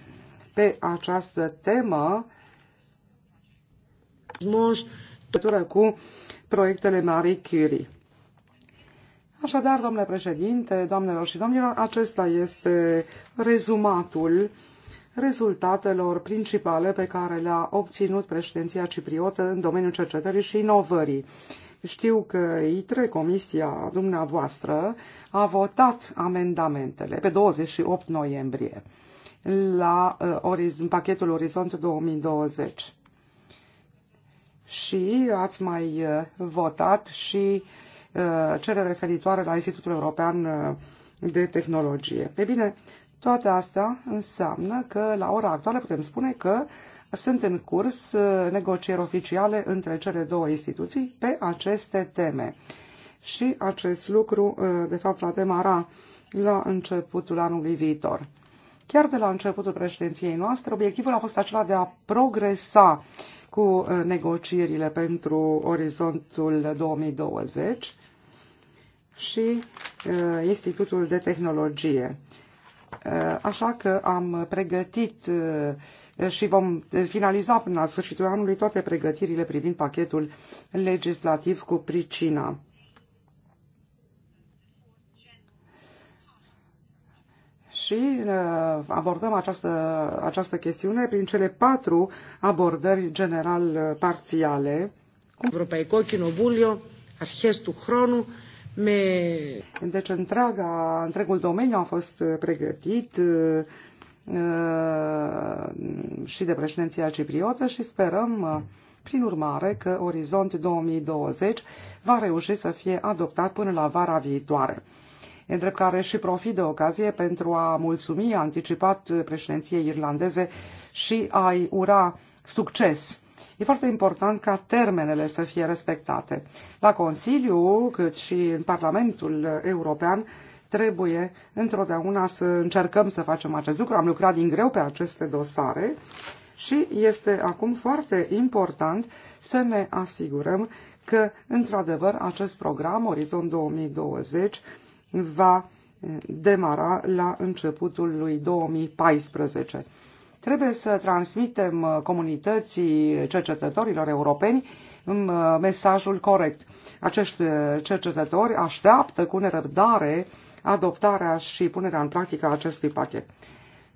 pe această temă cu proiectele Marie Curie. Așadar, domnule președinte, doamnelor și domnilor, acesta este rezumatul rezultatelor principale pe care le-a obținut președinția cipriotă în domeniul cercetării și inovării. Știu că ITRE, comisia dumneavoastră, a votat amendamentele pe 28 noiembrie la uh, oriz- pachetul Orizont 2020 și ați mai uh, votat și uh, cele referitoare la Institutul European uh, de Tehnologie. E bine, toate astea înseamnă că la ora actuală putem spune că sunt în curs negocieri oficiale între cele două instituții pe aceste teme. Și acest lucru, de fapt, va demara la începutul anului viitor. Chiar de la începutul președinției noastre, obiectivul a fost acela de a progresa cu uh, negocierile pentru orizontul 2020 și uh, Institutul de Tehnologie. Uh, așa că am pregătit și vom finaliza până la sfârșitul anului toate pregătirile privind pachetul legislativ cu pricina. și uh, abordăm această, această chestiune prin cele patru abordări general uh, parțiale. Europeico Κοινοβούλιο, Arhestu Hronu, me... Deci întreaga, întregul domeniu a fost uh, pregătit și de președinția cipriotă și sperăm prin urmare că Orizont 2020 va reuși să fie adoptat până la vara viitoare în drept care și profit de ocazie pentru a mulțumi anticipat președinției irlandeze și a-i ura succes. E foarte important ca termenele să fie respectate. La Consiliu, cât și în Parlamentul European, trebuie întotdeauna să încercăm să facem acest lucru. Am lucrat din greu pe aceste dosare și este acum foarte important să ne asigurăm că, într-adevăr, acest program, Orizont 2020, va eh, demara la începutul lui 2014. Trebuie să transmitem eh, comunității cercetătorilor europeni mm, eh, mesajul corect. Acești cercetători așteaptă cu nerăbdare adoptarea și punerea în practică a acestui pachet.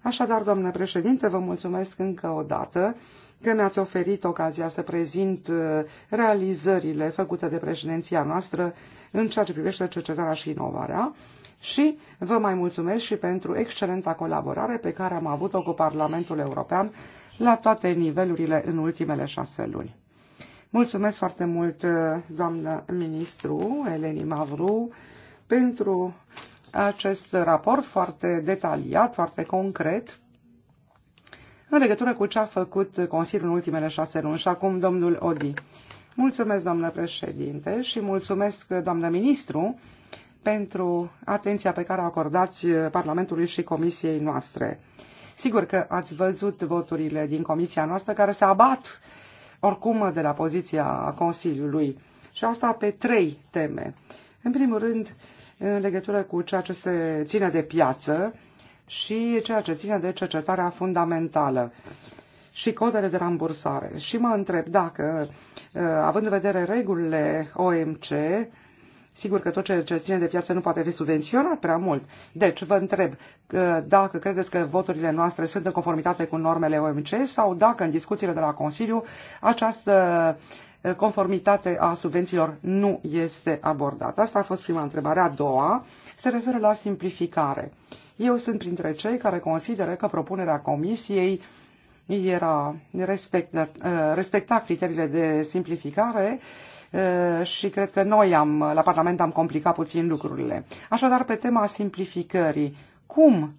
Așadar, domnule președinte, vă mulțumesc încă o dată că mi-ați oferit ocazia să prezint uh, realizările făcute de președinția noastră în ceea ce privește cercetarea și inovarea și vă mai mulțumesc și pentru excelenta colaborare pe care am avut-o cu Parlamentul European la toate nivelurile în ultimele șase luni. Mulțumesc foarte mult, uh, doamnă ministru Eleni Mavru, pentru acest raport foarte detaliat, foarte concret în legătură cu ce a făcut Consiliul în ultimele șase luni și acum domnul Odi. Mulțumesc, doamnă președinte, și mulțumesc, doamnă ministru, pentru atenția pe care o acordați Parlamentului și Comisiei noastre. Sigur că ați văzut voturile din Comisia noastră care se abat oricum de la poziția Consiliului și asta pe trei teme. În primul rând, în legătură cu ceea ce se ține de piață, și ceea ce ține de cercetarea fundamentală și codele de rambursare. Și mă întreb dacă, uh, având în vedere regulile OMC, sigur că tot ce, ce ține de piață nu poate fi subvenționat prea mult. Deci vă întreb uh, dacă credeți că voturile noastre sunt în conformitate cu normele OMC sau dacă în discuțiile de la Consiliu această uh, conformitate a subvențiilor nu este abordată. Asta a fost prima întrebare. A doua se referă la simplificare. Uh, eu sunt printre cei care consideră că propunerea Comisiei era respecta, uh, respecta criteriile de simplificare uh, și cred că noi am, la Parlament am complicat puțin lucrurile. Așadar, pe tema simplificării, cum,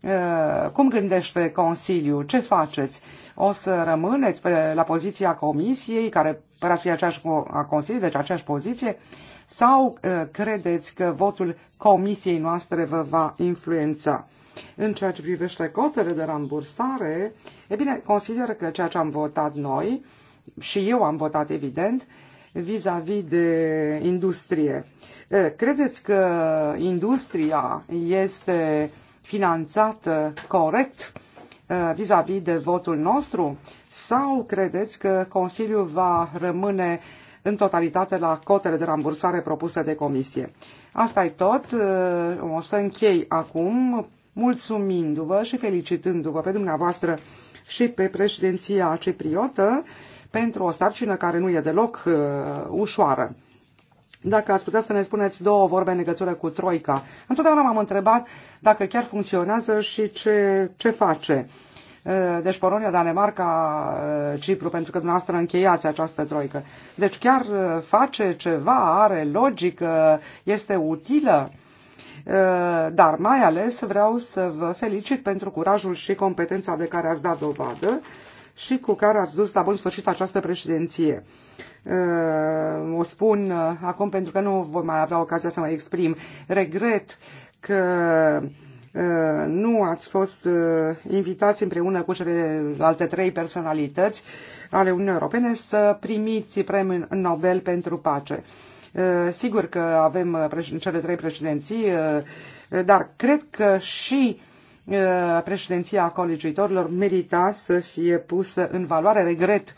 uh, cum gândește Consiliul, ce faceți? o să rămâneți pe, la poziția comisiei, care părea să fie aceeași a Consiliului, deci aceeași poziție, sau uh, credeți că votul comisiei noastre vă va influența? În ceea ce privește cotele de rambursare, e bine, consider că ceea ce am votat noi, și eu am votat evident, vis-a-vis -vis de industrie. Uh, credeți că industria este finanțată corect Uh, vis-a-vis de votul nostru? Sau credeți că Consiliul va rămâne în totalitate la cotele de rambursare propuse de Comisie? Asta e tot. Uh, o să închei acum mulțumindu-vă și felicitându-vă pe dumneavoastră și pe președinția cipriotă pentru o sarcină care nu e deloc uh, ușoară dacă ați putea să ne spuneți două vorbe în legătură cu Troica. Întotdeauna m-am întrebat dacă chiar funcționează și ce, ce face. Uh, deci Polonia, Danemarca, uh, Cipru, pentru că dumneavoastră încheiați această troică. Deci chiar uh, face ceva, are logică, este utilă dar mai ales vreau să vă felicit pentru curajul și competența de care ați dat dovadă și cu care ați dus la bun sfârșit această președinție. Uh, o spun uh, acum pentru că nu voi mai avea ocazia să mă exprim. Regret că uh, nu ați fost invitați împreună cu celelalte trei personalități ale Uniunii Europene să primiți premiul Nobel pentru pace. Sigur că avem cele trei președinții, dar cred că și uh, Uh, președinția colegiuitorilor merita să fie pusă în valoare. Regret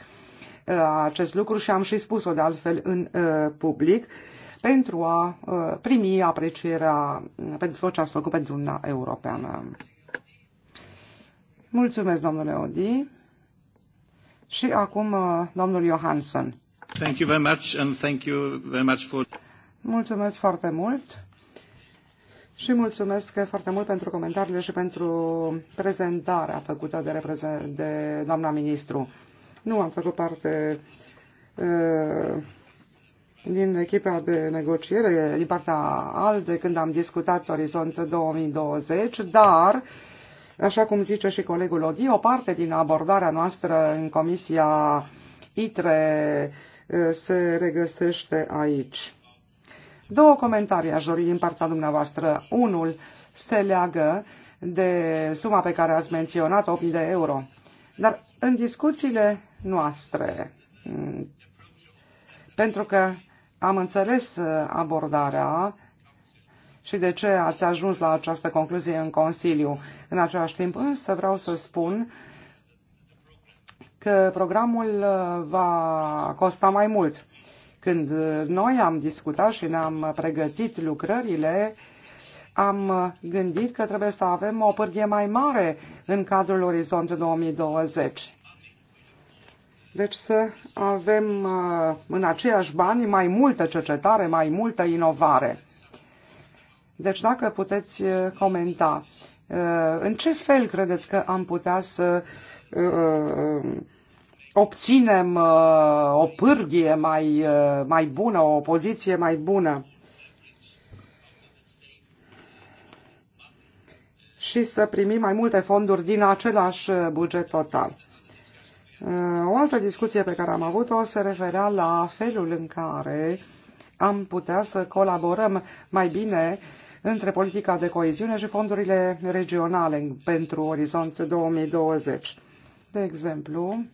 uh, acest lucru și am și spus-o de altfel în uh, public pentru a primi aprecierea pentru tot ce ați făcut pentru Uniunea Europeană. Mulțumesc, domnule Odi. Și acum, domnul Johansson. Thank you very much and thank you very much for... Mulțumesc foarte mult și mulțumesc foarte mult pentru comentariile și pentru prezentarea făcută de, de doamna ministru. Nu am făcut parte uh, din echipa de negociere din partea ALDE când am discutat Orizont 2020, dar, așa cum zice și colegul Odi, o parte din abordarea noastră în Comisia ITRE uh, se regăsește aici. Două comentarii aș dori din partea dumneavoastră. Unul se leagă de suma pe care ați menționat, 8.000 de euro. Dar în discuțiile noastre, pentru că am înțeles abordarea și de ce ați ajuns la această concluzie în Consiliu. În același timp însă vreau să spun că programul uh, va costa mai mult. Când uh, noi am discutat și ne-am pregătit lucrările, am uh, gândit că trebuie să avem o pârghie mai mare în cadrul Orizont 2020. Deci să avem uh, în aceiași bani mai multă cercetare, mai multă inovare. Deci dacă puteți comenta, în ce fel credeți că am putea să obținem uh, o pârghie mai, uh, mai bună, o poziție mai bună. și să primim mai multe fonduri din același buget total. Uh, o altă discuție pe care am avut-o se referea la felul în care am putea să colaborăm mai bine între politica de coeziune și fondurile regionale pentru Orizont 2020. De exemplu,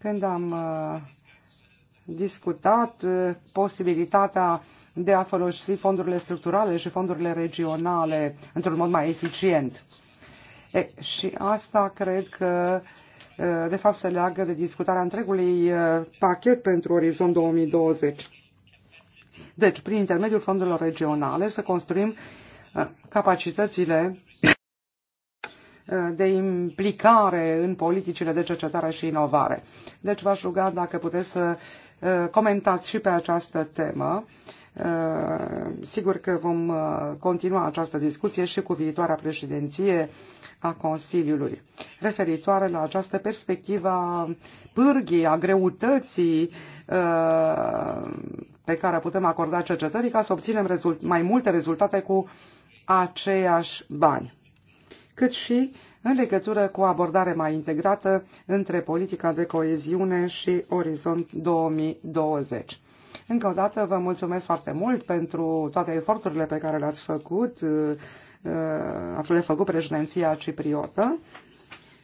când am uh, discutat uh, posibilitatea de a folosi fondurile structurale și fondurile regionale într-un mod mai eficient. E, și asta cred că uh, de fapt se leagă de discutarea întregului pachet pentru Orizont 2020. Deci, prin intermediul fondurilor regionale, să construim capacitățile de implicare în politicile de cercetare și inovare. Deci v-aș ruga dacă puteți să uh, comentați și pe această temă. Uh, sigur că vom uh, continua această discuție și cu viitoarea președinție a Consiliului, referitoare la această perspectivă a pârghii, a greutății pe care putem acorda cercetării ca să obținem mai multe rezultate cu aceiași bani cât și în legătură cu o abordare mai integrată între politica de coeziune și Orizont 2020. Încă o dată vă mulțumesc foarte mult pentru toate eforturile pe care le-ați făcut, ați uh, uh, le făcut președinția cipriotă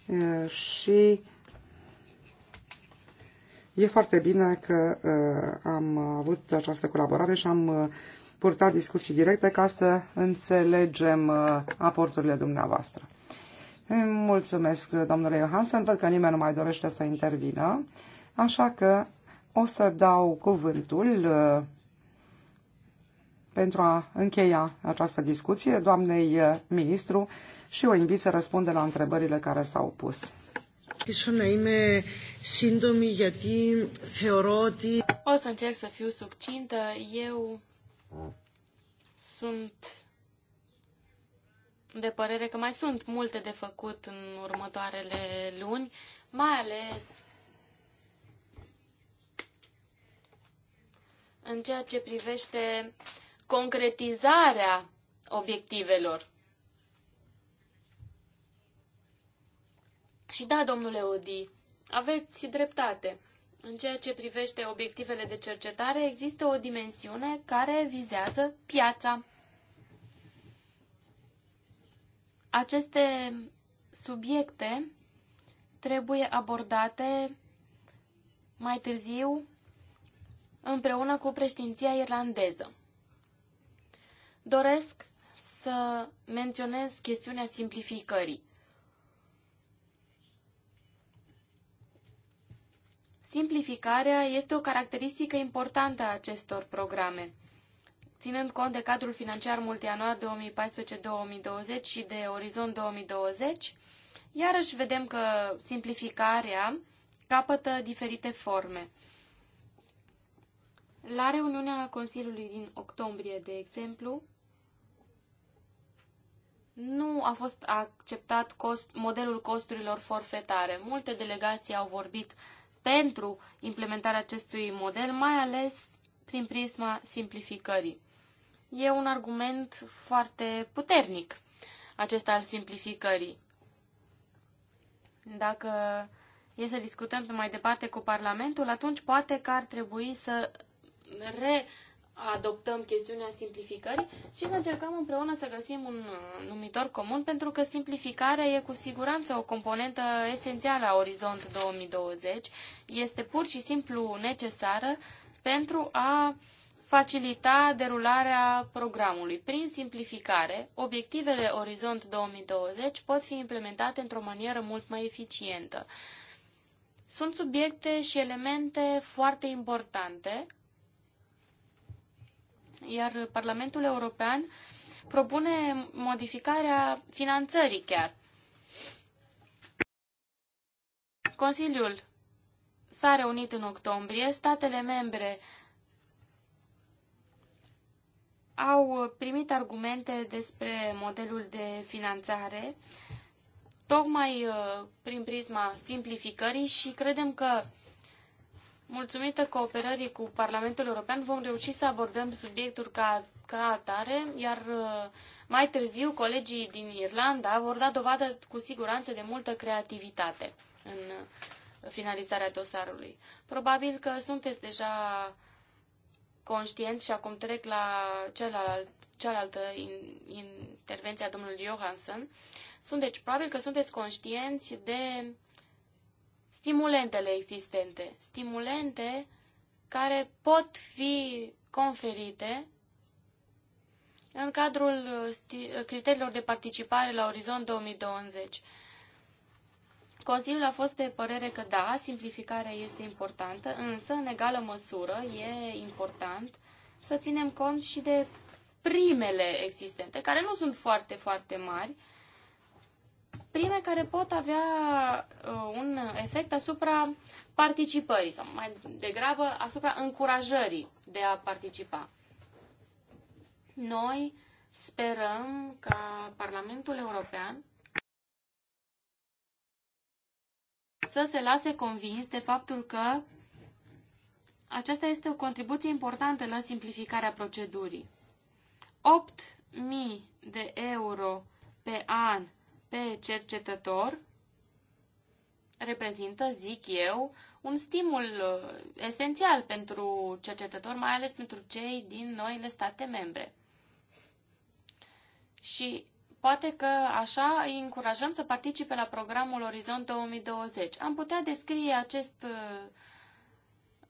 uh, și e foarte bine că am avut această colaborare și am purta discuții directe ca să înțelegem uh, aporturile dumneavoastră. Mulțumesc, domnule Johansen, văd că nimeni nu mai dorește să intervină, așa că o să dau cuvântul uh, pentru a încheia această discuție doamnei uh, ministru și o invit să răspunde la întrebările care s-au pus. O să încerc să fiu succintă. Eu sunt de părere că mai sunt multe de făcut în următoarele luni, mai ales în ceea ce privește concretizarea obiectivelor. Și da, domnule Odi, aveți dreptate. În ceea ce privește obiectivele de cercetare, există o dimensiune care vizează piața. Aceste subiecte trebuie abordate mai târziu împreună cu preștinția irlandeză. Doresc să menționez chestiunea simplificării. Simplificarea este o caracteristică importantă a acestor programe. Ținând cont de cadrul financiar multianual 2014-2020 și de Orizont 2020, iarăși vedem că simplificarea capătă diferite forme. La reuniunea Consiliului din octombrie, de exemplu, nu a fost acceptat cost, modelul costurilor forfetare. Multe delegații au vorbit pentru implementarea acestui model, mai ales prin prisma simplificării. E un argument foarte puternic acesta al simplificării. Dacă e să discutăm mai departe cu Parlamentul, atunci poate că ar trebui să re adoptăm chestiunea simplificării și să încercăm împreună să găsim uh, un numitor comun, pentru că simplificarea e cu siguranță o componentă esențială a Orizont 2020. Este pur și simplu necesară pentru a facilita derularea programului. Prin simplificare, obiectivele Orizont 2020 pot fi implementate într-o manieră mult mai eficientă. Sunt subiecte și elemente foarte importante iar Parlamentul European propune modificarea finanțării chiar. Consiliul s-a reunit în octombrie, statele membre au primit argumente despre modelul de finanțare, tocmai uh, prin prisma simplificării și credem că Mulțumită cooperării cu Parlamentul European vom reuși să abordăm subiectul ca, ca atare, iar uh, mai târziu colegii din Irlanda vor da dovadă cu siguranță de multă creativitate în uh, finalizarea dosarului. Probabil că sunteți deja conștienți și acum trec la celălalt, cealaltă in, intervenție a domnului Johansson. Sunt, deci, probabil că sunteți conștienți de stimulentele existente, stimulente care pot fi conferite în cadrul criteriilor de participare la Orizont 2020. Consiliul a fost de părere că da, simplificarea este importantă, însă, în egală măsură, e important să ținem cont și de primele existente, care nu sunt foarte, foarte mari, prime care pot avea uh, un efect asupra participării sau mai degrabă asupra încurajării de a participa. Noi sperăm ca Parlamentul European să se lase convins de faptul că aceasta este o contribuție importantă la simplificarea procedurii. 8.000 de euro pe an pe cercetător reprezintă, zic eu, un stimul uh, esențial pentru cercetători, mai ales pentru cei din noile state membre. Și poate că așa îi încurajăm să participe la programul Orizont 2020. Am putea descrie acest, uh,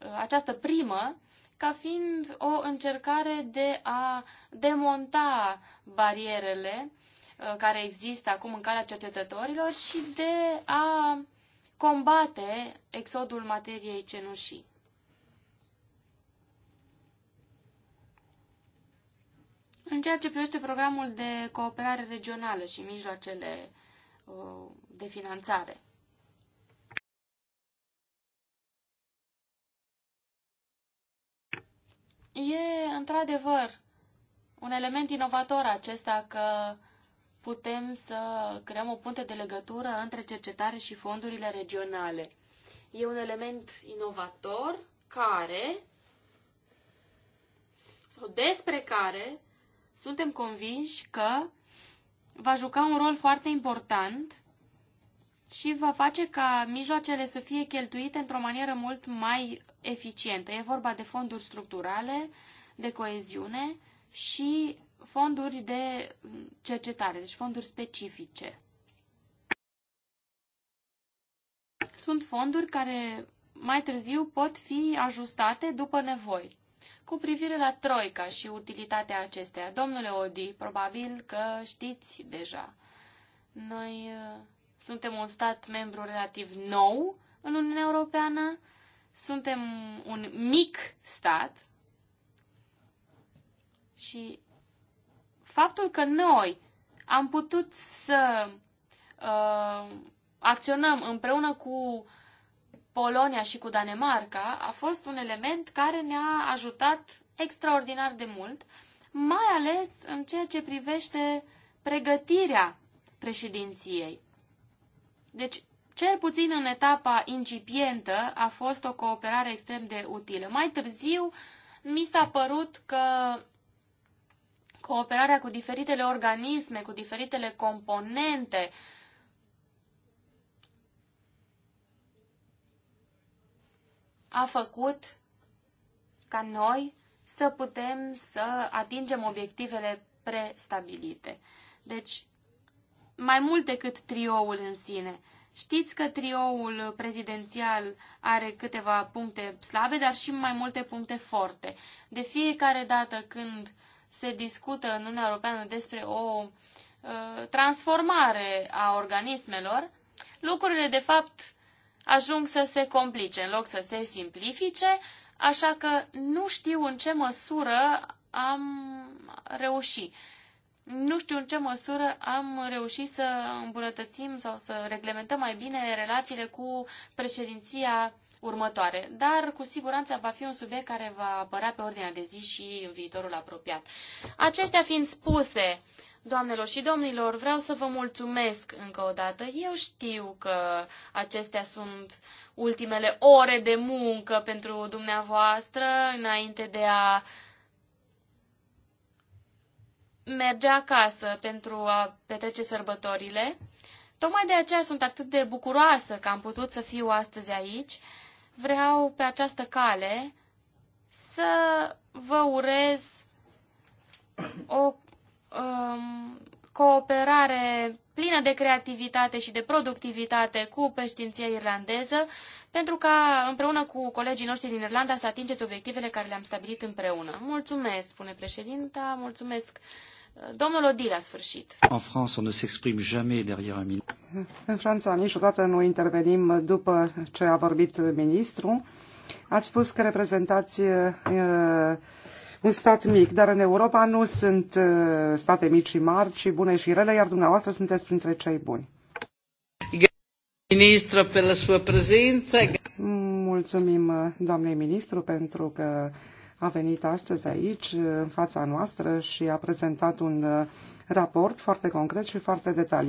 uh, această primă ca fiind o încercare de a demonta barierele Uh, care există acum în calea cercetătorilor și de a combate exodul materiei cenușii. În ceea ce privește programul de cooperare regională și mijloacele uh, de finanțare. E într-adevăr un element inovator acesta că putem să creăm o punte de legătură între cercetare și fondurile regionale. E un element inovator care, sau despre care, suntem convinși că va juca un rol foarte important și va face ca mijloacele să fie cheltuite într-o manieră mult mai eficientă. E vorba de fonduri structurale, de coeziune și fonduri de cercetare, deci fonduri specifice. Sunt fonduri care mai târziu pot fi ajustate după nevoi. Cu privire la Troica și utilitatea acesteia, domnule Odi, probabil că știți deja. Noi uh, suntem un stat membru relativ nou în Uniunea Europeană, suntem un mic stat și Faptul că noi am putut să uh, acționăm împreună cu Polonia și cu Danemarca a fost un element care ne-a ajutat extraordinar de mult, mai ales în ceea ce privește pregătirea președinției. Deci, cel puțin în etapa incipientă a fost o cooperare extrem de utilă. Mai târziu mi s-a părut că cooperarea cu diferitele organisme, cu diferitele componente. A făcut ca noi să putem să atingem obiectivele prestabilite. Deci, mai mult decât trioul în sine. Știți că trioul prezidențial are câteva puncte slabe, dar și mai multe puncte forte. De fiecare dată când uh, se discută în Uniunea Europeană despre o uh, transformare a organismelor, lucrurile de fapt ajung să se complice în loc să se simplifice, așa că nu știu în ce măsură am reușit. Nu știu în ce măsură am reușit să îmbunătățim sau să reglementăm mai bine relațiile cu președinția următoare, dar cu siguranță va fi un subiect care va apărea pe ordinea de zi și în viitorul apropiat. Acestea fiind spuse, Doamnelor și domnilor, vreau să vă mulțumesc încă o dată. Eu știu că acestea sunt ultimele ore de muncă pentru dumneavoastră înainte de a merge acasă pentru a petrece sărbătorile. Tocmai de aceea sunt atât de bucuroasă că am putut să fiu astăzi aici vreau pe această cale să vă urez o um, cooperare plină de creativitate și de productivitate cu peștinția irlandeză, pentru ca împreună cu colegii noștri din Irlanda să atingeți obiectivele care le-am stabilit împreună. Mulțumesc, spune președinta, mulțumesc Domnul Odi, la sfârșit. În Franța, on ne s'exprime jamais derrière un În Franța niciodată nu intervenim după ce a vorbit ministrul. Ați spus că reprezentați uh, un stat mic, dar în Europa nu sunt uh, state mici și mari, ci bune și rele, iar dumneavoastră sunteți printre cei buni. Ministru, pe la sua prezență. Mulțumim, doamnei ministru, pentru că a venit astăzi aici, în fața noastră, și a prezentat un uh, raport foarte concret și foarte detaliat.